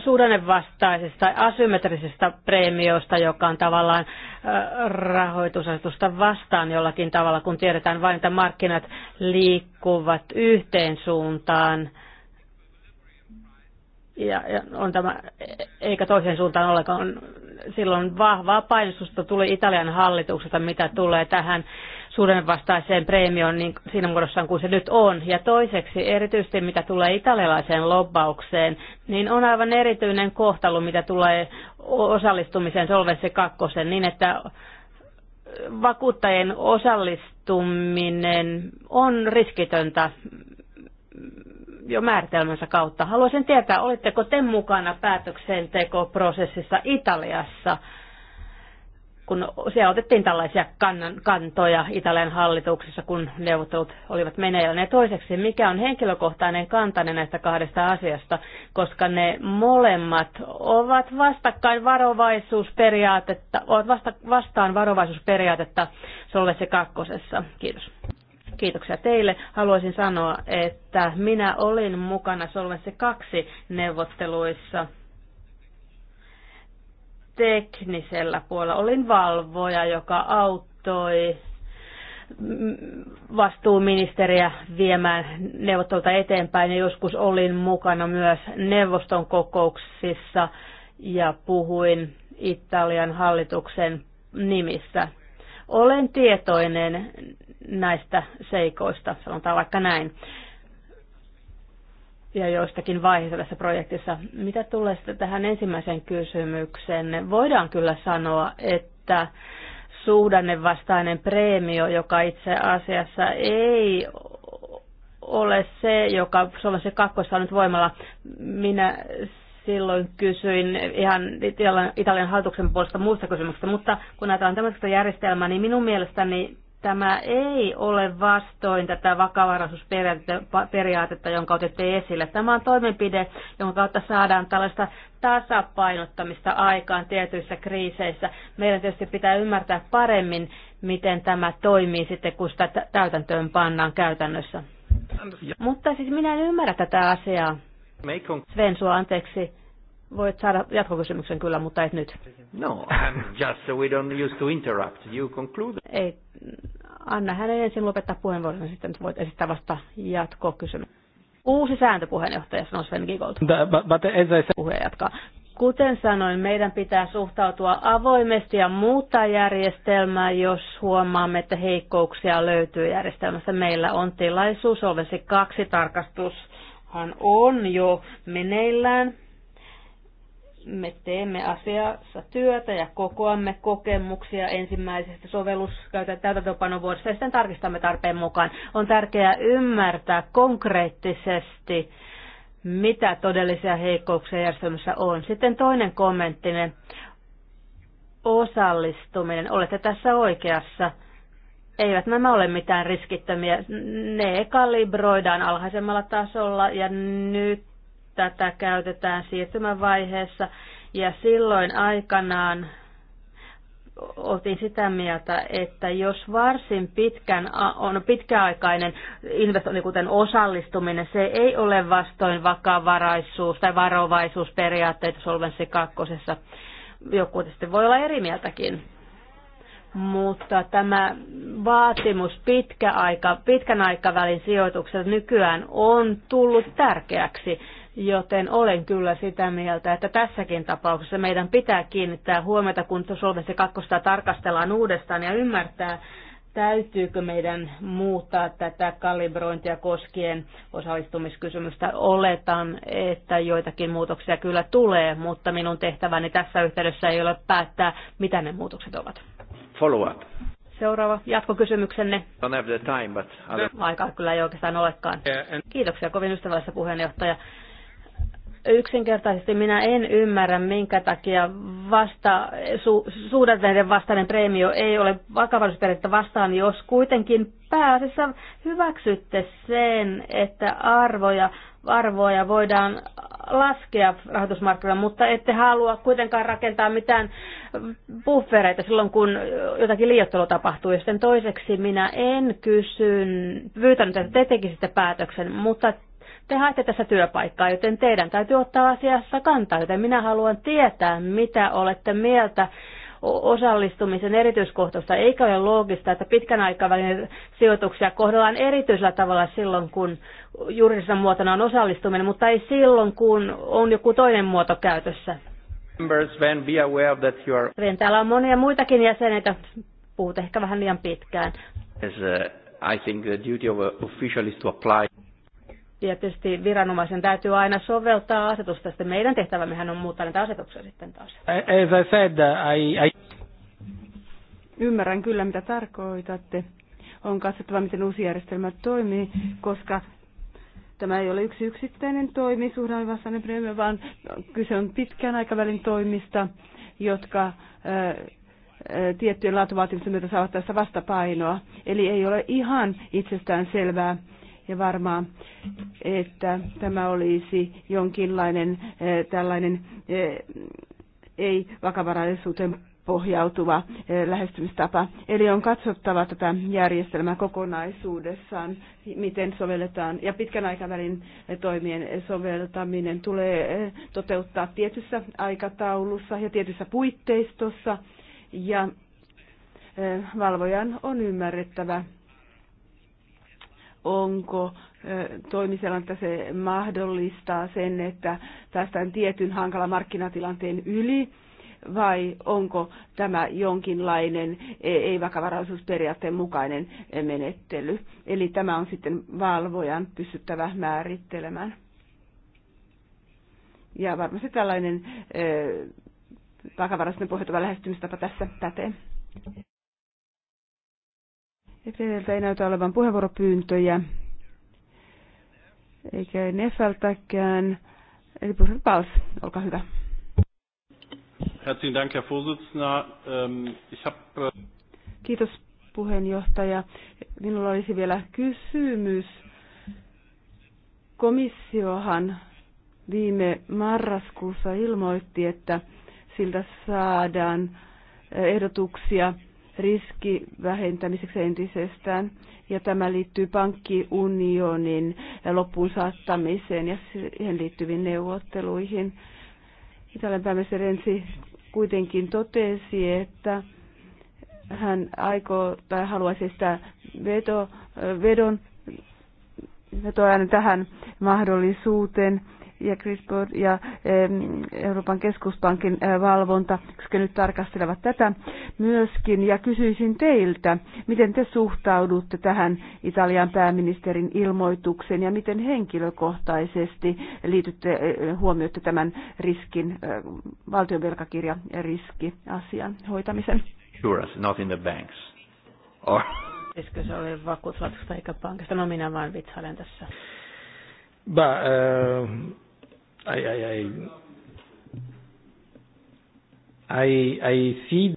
suhdannevastaisesta tai asymmetrisesta preemiosta, joka on tavallaan rahoitusasetusta vastaan jollakin tavalla, kun tiedetään vain, että markkinat liikkuvat yhteen suuntaan ja, ja on tämä, eikä toiseen suuntaan ollenkaan, silloin vahvaa painostusta tuli Italian hallitukselta, mitä tulee tähän suhdannevastaiseen preemioon niin siinä muodossa kuin se nyt on. Ja toiseksi, erityisesti mitä tulee italialaiseen lobbaukseen, niin on aivan erityinen kohtalu, mitä tulee osallistumiseen Solvenssi kakkosen, niin että vakuuttajien osallistuminen on riskitöntä jo määritelmänsä kautta. Haluaisin tietää, olitteko te mukana päätöksentekoprosessissa Italiassa? kun siellä otettiin tällaisia kannan, kantoja Italian hallituksessa, kun neuvottelut olivat meneillään. Ja toiseksi, mikä on henkilökohtainen kantani näistä kahdesta asiasta, koska ne molemmat ovat vastakkain varovaisuusperiaatetta, ovat vasta, vastaan varovaisuusperiaatetta Solvesse kakkosessa. Kiitos. Kiitoksia teille. Haluaisin sanoa, että minä olin mukana Solvesse kaksi neuvotteluissa teknisellä puolella. Olin valvoja, joka auttoi mm, vastuuministeriä viemään neuvottelta eteenpäin ja joskus olin mukana myös neuvoston kokouksissa ja puhuin Italian hallituksen nimissä. Olen tietoinen näistä seikoista, sanotaan vaikka näin ja joistakin vaiheista tässä projektissa. Mitä tulee sitten tähän ensimmäiseen kysymykseen? Voidaan kyllä sanoa, että suhdannevastainen preemio, joka itse asiassa ei ole se, joka se kakkossa on nyt voimalla. Minä silloin kysyin ihan Italian hallituksen puolesta muista kysymyksistä, mutta kun ajatellaan tämmöistä järjestelmää, niin minun mielestäni Tämä ei ole vastoin tätä vakavaraisuusperiaatetta, jonka otette esille. Tämä on toimenpide, jonka kautta saadaan tällaista tasapainottamista aikaan tietyissä kriiseissä. Meidän tietysti pitää ymmärtää paremmin, miten tämä toimii sitten, kun sitä täytäntöön pannaan käytännössä. Mutta siis minä en ymmärrä tätä asiaa. Sven, sua anteeksi Voit saada jatkokysymyksen kyllä, mutta et nyt. No, I'm just so we don't use to interrupt. You conclude. Ei, anna hänen ensin lopettaa puheenvuoron, ja niin sitten voit esittää vasta jatkokysymyksen. Uusi sääntöpuheenjohtaja, sanoi Sven Gigold. Puhe jatkaa. Kuten sanoin, meidän pitää suhtautua avoimesti ja muuttaa järjestelmää, jos huomaamme, että heikkouksia löytyy järjestelmässä. Meillä on tilaisuus, olisi kaksi tarkastus, hän on jo meneillään me teemme asiassa työtä ja kokoamme kokemuksia ensimmäisestä vuodesta ja sitten tarkistamme tarpeen mukaan. On tärkeää ymmärtää konkreettisesti, mitä todellisia heikkouksia järjestelmässä on. Sitten toinen kommenttinen, osallistuminen. Olette tässä oikeassa. Eivät nämä ole mitään riskittömiä. Ne kalibroidaan alhaisemmalla tasolla ja nyt tätä käytetään vaiheessa ja silloin aikanaan oltiin sitä mieltä, että jos varsin pitkän, on pitkäaikainen investointi, kuten osallistuminen, se ei ole vastoin vakavaraisuus- tai varovaisuusperiaatteita Solvenssi kakkosessa. Joku tietysti voi olla eri mieltäkin. Mutta tämä vaatimus pitkä aika, pitkän aikavälin sijoituksesta nykyään on tullut tärkeäksi Joten olen kyllä sitä mieltä, että tässäkin tapauksessa meidän pitää kiinnittää huomiota, kun Solvenssi 2 tarkastellaan uudestaan ja ymmärtää, täytyykö meidän muuttaa tätä kalibrointia koskien osallistumiskysymystä. Oletan, että joitakin muutoksia kyllä tulee, mutta minun tehtäväni tässä yhteydessä ei ole päättää, mitä ne muutokset ovat. Follow up. Seuraava jatkokysymyksenne. Don't have the time, but Aikaa kyllä ei oikeastaan olekaan. Kiitoksia kovin ystävällisessä puheenjohtaja. Yksinkertaisesti minä en ymmärrä, minkä takia vasta, su, suhdanteiden vastainen preemio ei ole vakavaisuusperiaatetta vastaan, jos kuitenkin pääasiassa hyväksytte sen, että arvoja, arvoja voidaan laskea rahoitusmarkkinoilla, mutta ette halua kuitenkaan rakentaa mitään buffereita silloin, kun jotakin liiottelua tapahtuu. Ja sitten toiseksi minä en kysyn, pyytänyt, että te tekisitte päätöksen, mutta te haette tässä työpaikkaa, joten teidän täytyy ottaa asiassa kantaa, joten minä haluan tietää, mitä olette mieltä osallistumisen erityiskohtaista, eikä ole loogista, että pitkän aikavälin sijoituksia kohdellaan erityisellä tavalla silloin, kun juridisena muotona on osallistuminen, mutta ei silloin, kun on joku toinen muoto käytössä. Sven, be aware that you are... Sven, täällä on monia muitakin jäseneitä. Puhut ehkä vähän liian pitkään. As, uh, I think the duty of official is to apply. Ja tietysti viranomaisen täytyy aina soveltaa asetusta. Sitten meidän tehtävämmehän on muuttaa näitä asetuksia sitten taas. Eh, as I said, I, I... Ymmärrän kyllä, mitä tarkoitatte. On katsottava, miten uusi järjestelmä toimii, koska tämä ei ole yksi yksittäinen toimi, suhdannevastainen premio, vaan kyse on pitkän aikavälin toimista, jotka eh, eh, tiettyjen laatuvaatimusten myötä saavat tässä vastapainoa. Eli ei ole ihan itsestään selvää, ja varmaan että tämä olisi jonkinlainen eh, tällainen eh, ei vakavaraisuuteen pohjautuva eh, lähestymistapa. Eli on katsottava tätä järjestelmää kokonaisuudessaan, miten sovelletaan, ja pitkän aikavälin toimien soveltaminen tulee toteuttaa tietyssä aikataulussa ja tietyssä puitteistossa, ja valvojan on ymmärrettävä onko toimiselanta se mahdollistaa sen, että päästään tietyn hankalan markkinatilanteen yli, vai onko tämä jonkinlainen e, ei-vakavaraisuusperiaatteen mukainen menettely. Eli tämä on sitten valvojan pystyttävä määrittelemään. Ja varmasti tällainen vakavaraisuuden pohjautuva lähestymistapa tässä pätee. Edeltä ei näytä olevan puheenvuoropyyntöjä, eikä Nefältäkään. Eli Professor Pals, olkaa hyvä. Herzlichen Dank, Herr Vorsitzender. Ähm, ich äh Kiitos puheenjohtaja. Minulla olisi vielä kysymys. Komissiohan viime marraskuussa ilmoitti, että siltä saadaan ehdotuksia riski vähentämiseksi entisestään. Ja tämä liittyy pankkiunionin loppuun saattamiseen ja siihen liittyviin neuvotteluihin. Italian pääministeri Renzi kuitenkin totesi, että hän aikoo tai haluaisi sitä veto, vedon tähän mahdollisuuteen ja Chris ja Euroopan keskuspankin eh, valvonta nyt tarkastelevat tätä myöskin. Ja kysyisin teiltä, miten te suhtaudutte tähän Italian pääministerin ilmoitukseen ja miten henkilökohtaisesti liitytte, eh, huomioitte tämän riskin, eh, valtion asian hoitamisen? Insurance, not in the banks. Or... Eikö se ole vakuutuslaitoksesta eikä pankista? No minä vain vitsailen tässä. Bah, uh... I I I I see.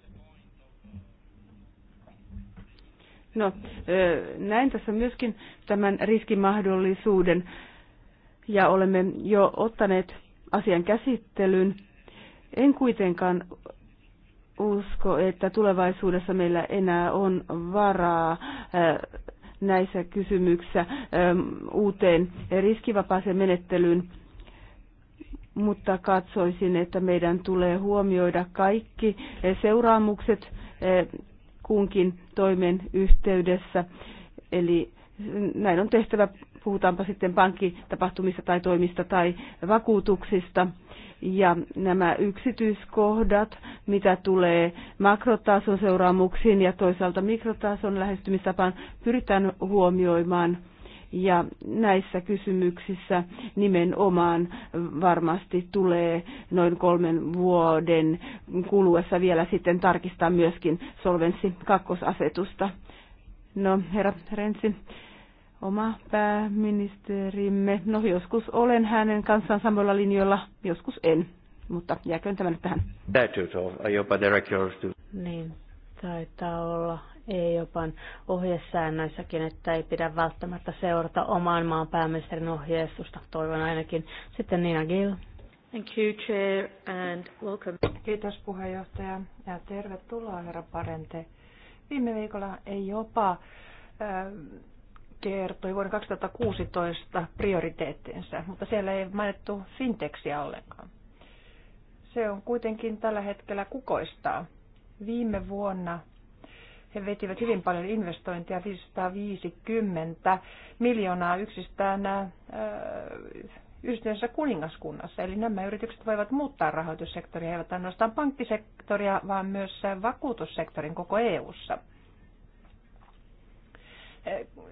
No, näin tässä myöskin tämän riskimahdollisuuden ja olemme jo ottaneet asian käsittelyn. En kuitenkaan usko, että tulevaisuudessa meillä enää on varaa näissä kysymyksissä uuteen riskivapaaseen menettelyyn mutta katsoisin, että meidän tulee huomioida kaikki eh, seuraamukset eh, kunkin toimen yhteydessä. Eli eh, näin on tehtävä, puhutaanpa sitten pankkitapahtumista tai toimista tai vakuutuksista. Ja nämä yksityiskohdat, mitä tulee makrotason seuraamuksiin ja toisaalta mikrotason lähestymistapaan, pyritään huomioimaan – ja näissä kysymyksissä nimenomaan varmasti tulee noin kolmen vuoden kuluessa vielä sitten tarkistaa myöskin solvenssi kakkosasetusta. No, herra Rensi, oma pääministerimme. No, joskus olen hänen kanssaan samalla linjoilla, joskus en. Mutta jääköön tämä nyt tähän. Uh, niin, taitaa olla EUPan ohjesäännöissäkin, että ei pidä välttämättä seurata oman maan pääministerin ohjeistusta, toivon ainakin. Sitten Nina Gill. Thank you, Chair, and welcome. Kiitos puheenjohtaja ja tervetuloa herra Parente. Viime viikolla ei jopa äh, kertoi vuoden 2016 prioriteettinsa, mutta siellä ei mainittu fintechia ollenkaan. Se on kuitenkin tällä hetkellä kukoistaa. Viime vuonna he vetivät hyvin paljon investointia, 550 miljoonaa yksistään äh, yhteensä kuningaskunnassa. Eli nämä yritykset voivat muuttaa rahoitussektoria, eivät ainoastaan pankkisektoria, vaan myös vakuutussektorin koko EU-ssa.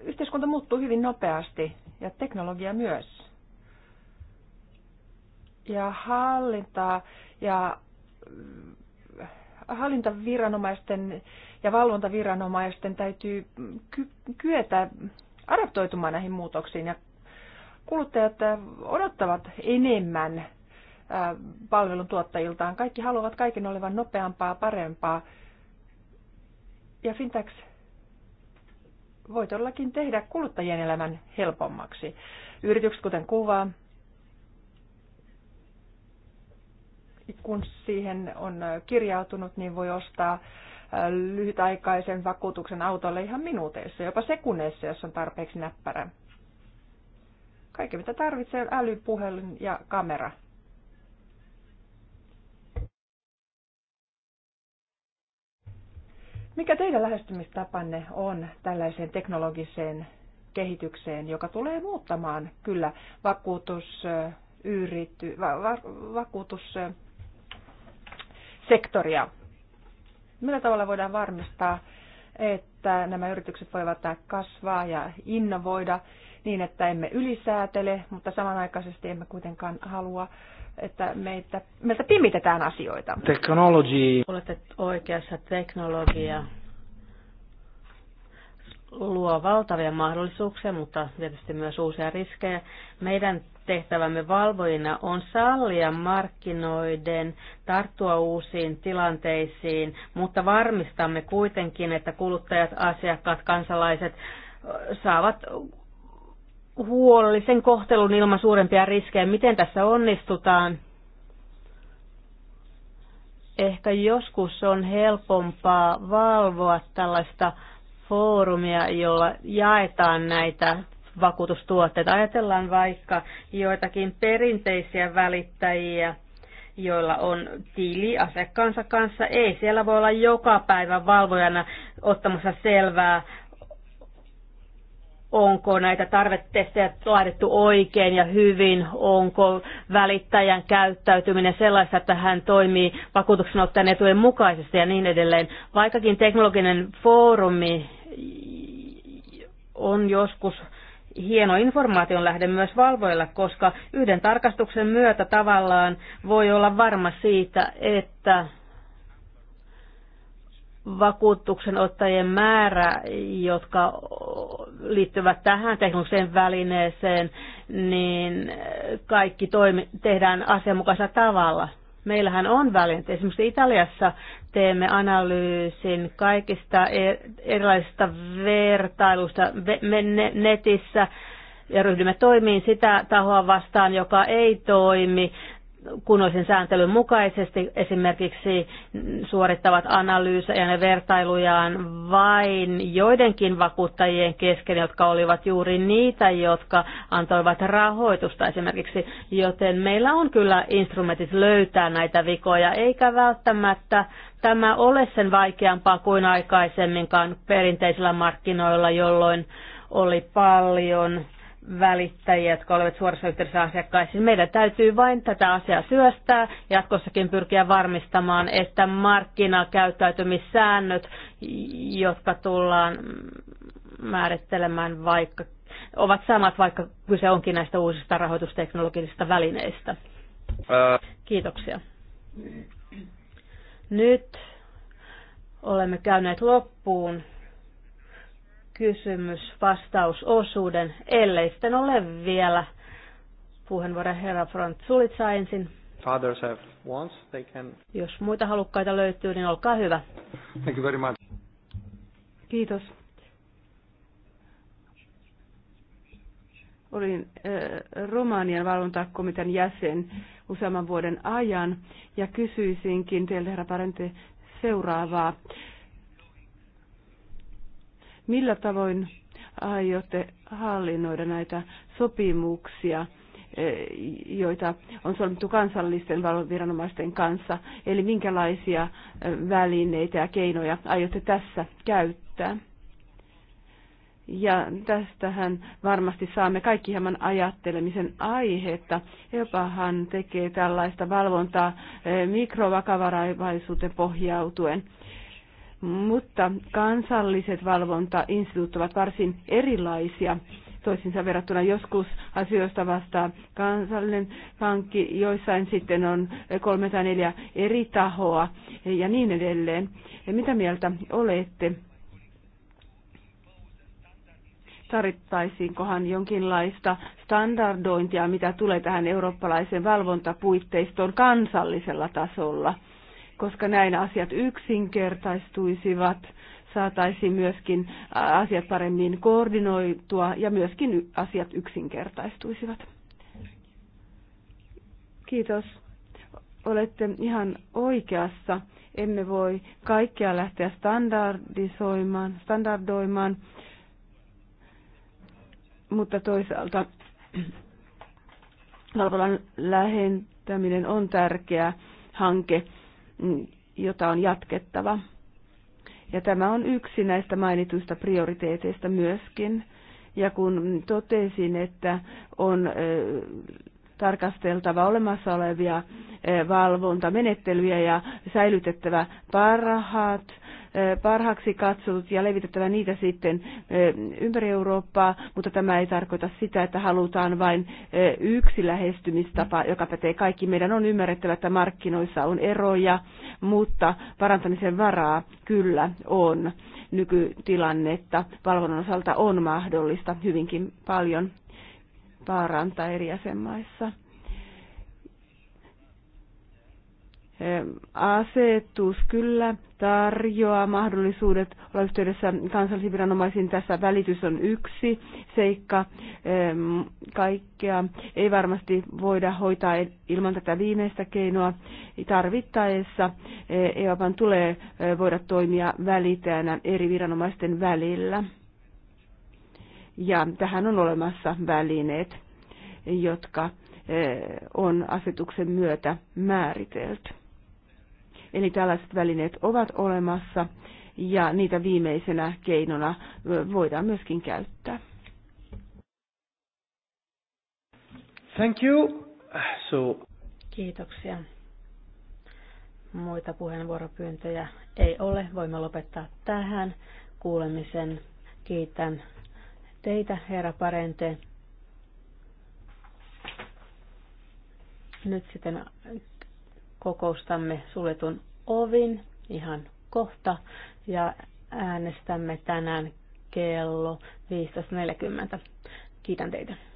Yhteiskunta muuttuu hyvin nopeasti ja teknologia myös. Ja hallintaa ja äh, hallintaviranomaisten ja valvontaviranomaisten täytyy ky- kyetä adaptoitumaan näihin muutoksiin ja kuluttajat äh, odottavat enemmän äh, palvelun tuottajiltaan. Kaikki haluavat kaiken olevan nopeampaa, parempaa. Ja Fintax voi todellakin tehdä kuluttajien elämän helpommaksi. Yritykset, kuten kuvaa, kun siihen on kirjautunut, niin voi ostaa lyhytaikaisen vakuutuksen autolle ihan minuuteissa, jopa sekunneissa, jos on tarpeeksi näppärä. Kaikki mitä tarvitsee on älypuhelin ja kamera. Mikä teidän lähestymistapanne on tällaiseen teknologiseen kehitykseen, joka tulee muuttamaan kyllä vakuutus, yritty, va, va, vakuutussektoria? Millä tavalla voidaan varmistaa, että nämä yritykset voivat kasvaa ja innovoida niin, että emme ylisäätele, mutta samanaikaisesti emme kuitenkaan halua, että meitä, meiltä pimitetään asioita. Teknologia. Olette oikeassa teknologia luo valtavia mahdollisuuksia, mutta tietysti myös uusia riskejä. Meidän tehtävämme valvojina on sallia markkinoiden tarttua uusiin tilanteisiin, mutta varmistamme kuitenkin, että kuluttajat, asiakkaat, kansalaiset saavat huolellisen kohtelun ilman suurempia riskejä. Miten tässä onnistutaan? Ehkä joskus on helpompaa valvoa tällaista foorumia, jolla jaetaan näitä vakuutustuotteita. Ajatellaan vaikka joitakin perinteisiä välittäjiä, joilla on tili asiakkaansa kanssa. Ei, siellä voi olla joka päivä valvojana ottamassa selvää, onko näitä tarvetestejä laadittu oikein ja hyvin, onko välittäjän käyttäytyminen sellaista, että hän toimii ottajan etujen mukaisesti ja niin edelleen. Vaikkakin teknologinen foorumi on joskus hieno informaation lähde myös valvoilla, koska yhden tarkastuksen myötä tavallaan voi olla varma siitä, että vakuutuksen ottajien määrä, jotka liittyvät tähän teknologiseen välineeseen, niin kaikki toimi, tehdään asianmukaisella tavalla. Meillähän on välineet. Esimerkiksi Italiassa teemme analyysin kaikista e- erilaisista vertailuista netissä ja ryhdymme toimiin sitä tahoa vastaan, joka ei toimi kunnollisen sääntelyn mukaisesti esimerkiksi suorittavat analyysejä ja vertailujaan vain joidenkin vakuuttajien kesken, jotka olivat juuri niitä, jotka antoivat rahoitusta esimerkiksi. Joten meillä on kyllä instrumentit löytää näitä vikoja, eikä välttämättä tämä ole sen vaikeampaa kuin aikaisemminkaan perinteisillä markkinoilla, jolloin oli paljon välittäjiä, jotka olivat suorassa yhteydessä asiakkaisiin. Siis meidän täytyy vain tätä asiaa syöstää, jatkossakin pyrkiä varmistamaan, että markkinakäyttäytymissäännöt, jotka tullaan määrittelemään vaikka, ovat samat, vaikka kyse onkin näistä uusista rahoitusteknologisista välineistä. Ää... Kiitoksia. Nyt olemme käyneet loppuun kysymys-vastausosuuden, ellei sitten ole vielä puheenvuoro herra Front Sulitsa ensin. Others have wants, they can... Jos muita halukkaita löytyy, niin olkaa hyvä. Thank you very much. Kiitos. Olin äh, Romanian valvontakomitean jäsen useamman vuoden ajan ja kysyisinkin teiltä, herra Parente, seuraavaa. Äh, Millä tavoin aiotte hallinnoida näitä sopimuksia, eh, joita on solmittu kansallisten valvontaviranomaisten kanssa? Eli minkälaisia eh, välineitä ja keinoja aiotte tässä käyttää? Ja tästähän varmasti saamme kaikki hieman ajattelemisen aihetta. Jopahan tekee tällaista valvontaa eh, mikrovakavaraisuuteen pohjautuen mutta kansalliset valvontainstituut ovat varsin erilaisia toisinsa verrattuna. Joskus asioista vastaa kansallinen pankki, joissain sitten on kolme tai neljä eri tahoa ja niin edelleen. Ja mitä mieltä olette? tarvittaisiinkohan jonkinlaista standardointia, mitä tulee tähän eurooppalaiseen valvontapuitteistoon kansallisella tasolla – koska näin asiat yksinkertaistuisivat, saataisiin myöskin asiat paremmin koordinoitua ja myöskin asiat yksinkertaistuisivat. Kiitos. Olette ihan oikeassa. Emme voi kaikkea lähteä standardisoimaan, standardoimaan, mutta toisaalta valvonnan lähentäminen on tärkeä hanke Mm, jota on jatkettava. Ja tämä on yksi näistä mainituista prioriteeteista myöskin. Ja kun totesin, että on tarkasteltava olemassa olevia valvontamenettelyjä ja säilytettävä parhaat parhaaksi katsotut ja levitettävä niitä sitten ympäri Eurooppaa, mutta tämä ei tarkoita sitä, että halutaan vain yksi lähestymistapa, joka pätee kaikki. Meidän on ymmärrettävä, että markkinoissa on eroja, mutta parantamisen varaa kyllä on. Nykytilannetta palvelun osalta on mahdollista hyvinkin paljon parantaa eri jäsenmaissa. asetus kyllä tarjoaa mahdollisuudet olla yhteydessä kansallisiin viranomaisiin. Tässä välitys on yksi seikka. Kaikkea ei varmasti voida hoitaa ilman tätä viimeistä keinoa. Tarvittaessa e, Euroopan tulee e, voida toimia välitäänä eri viranomaisten välillä. Ja tähän on olemassa välineet, jotka e, on asetuksen myötä määritelty. Eli tällaiset välineet ovat olemassa ja niitä viimeisenä keinona voidaan myöskin käyttää. Thank you. So. Kiitoksia. Muita puheenvuoropyyntöjä ei ole. Voimme lopettaa tähän kuulemisen. Kiitän teitä, herra Parente. Nyt sitten kokoustamme suletun ovin ihan kohta ja äänestämme tänään kello 15.40. Kiitän teitä.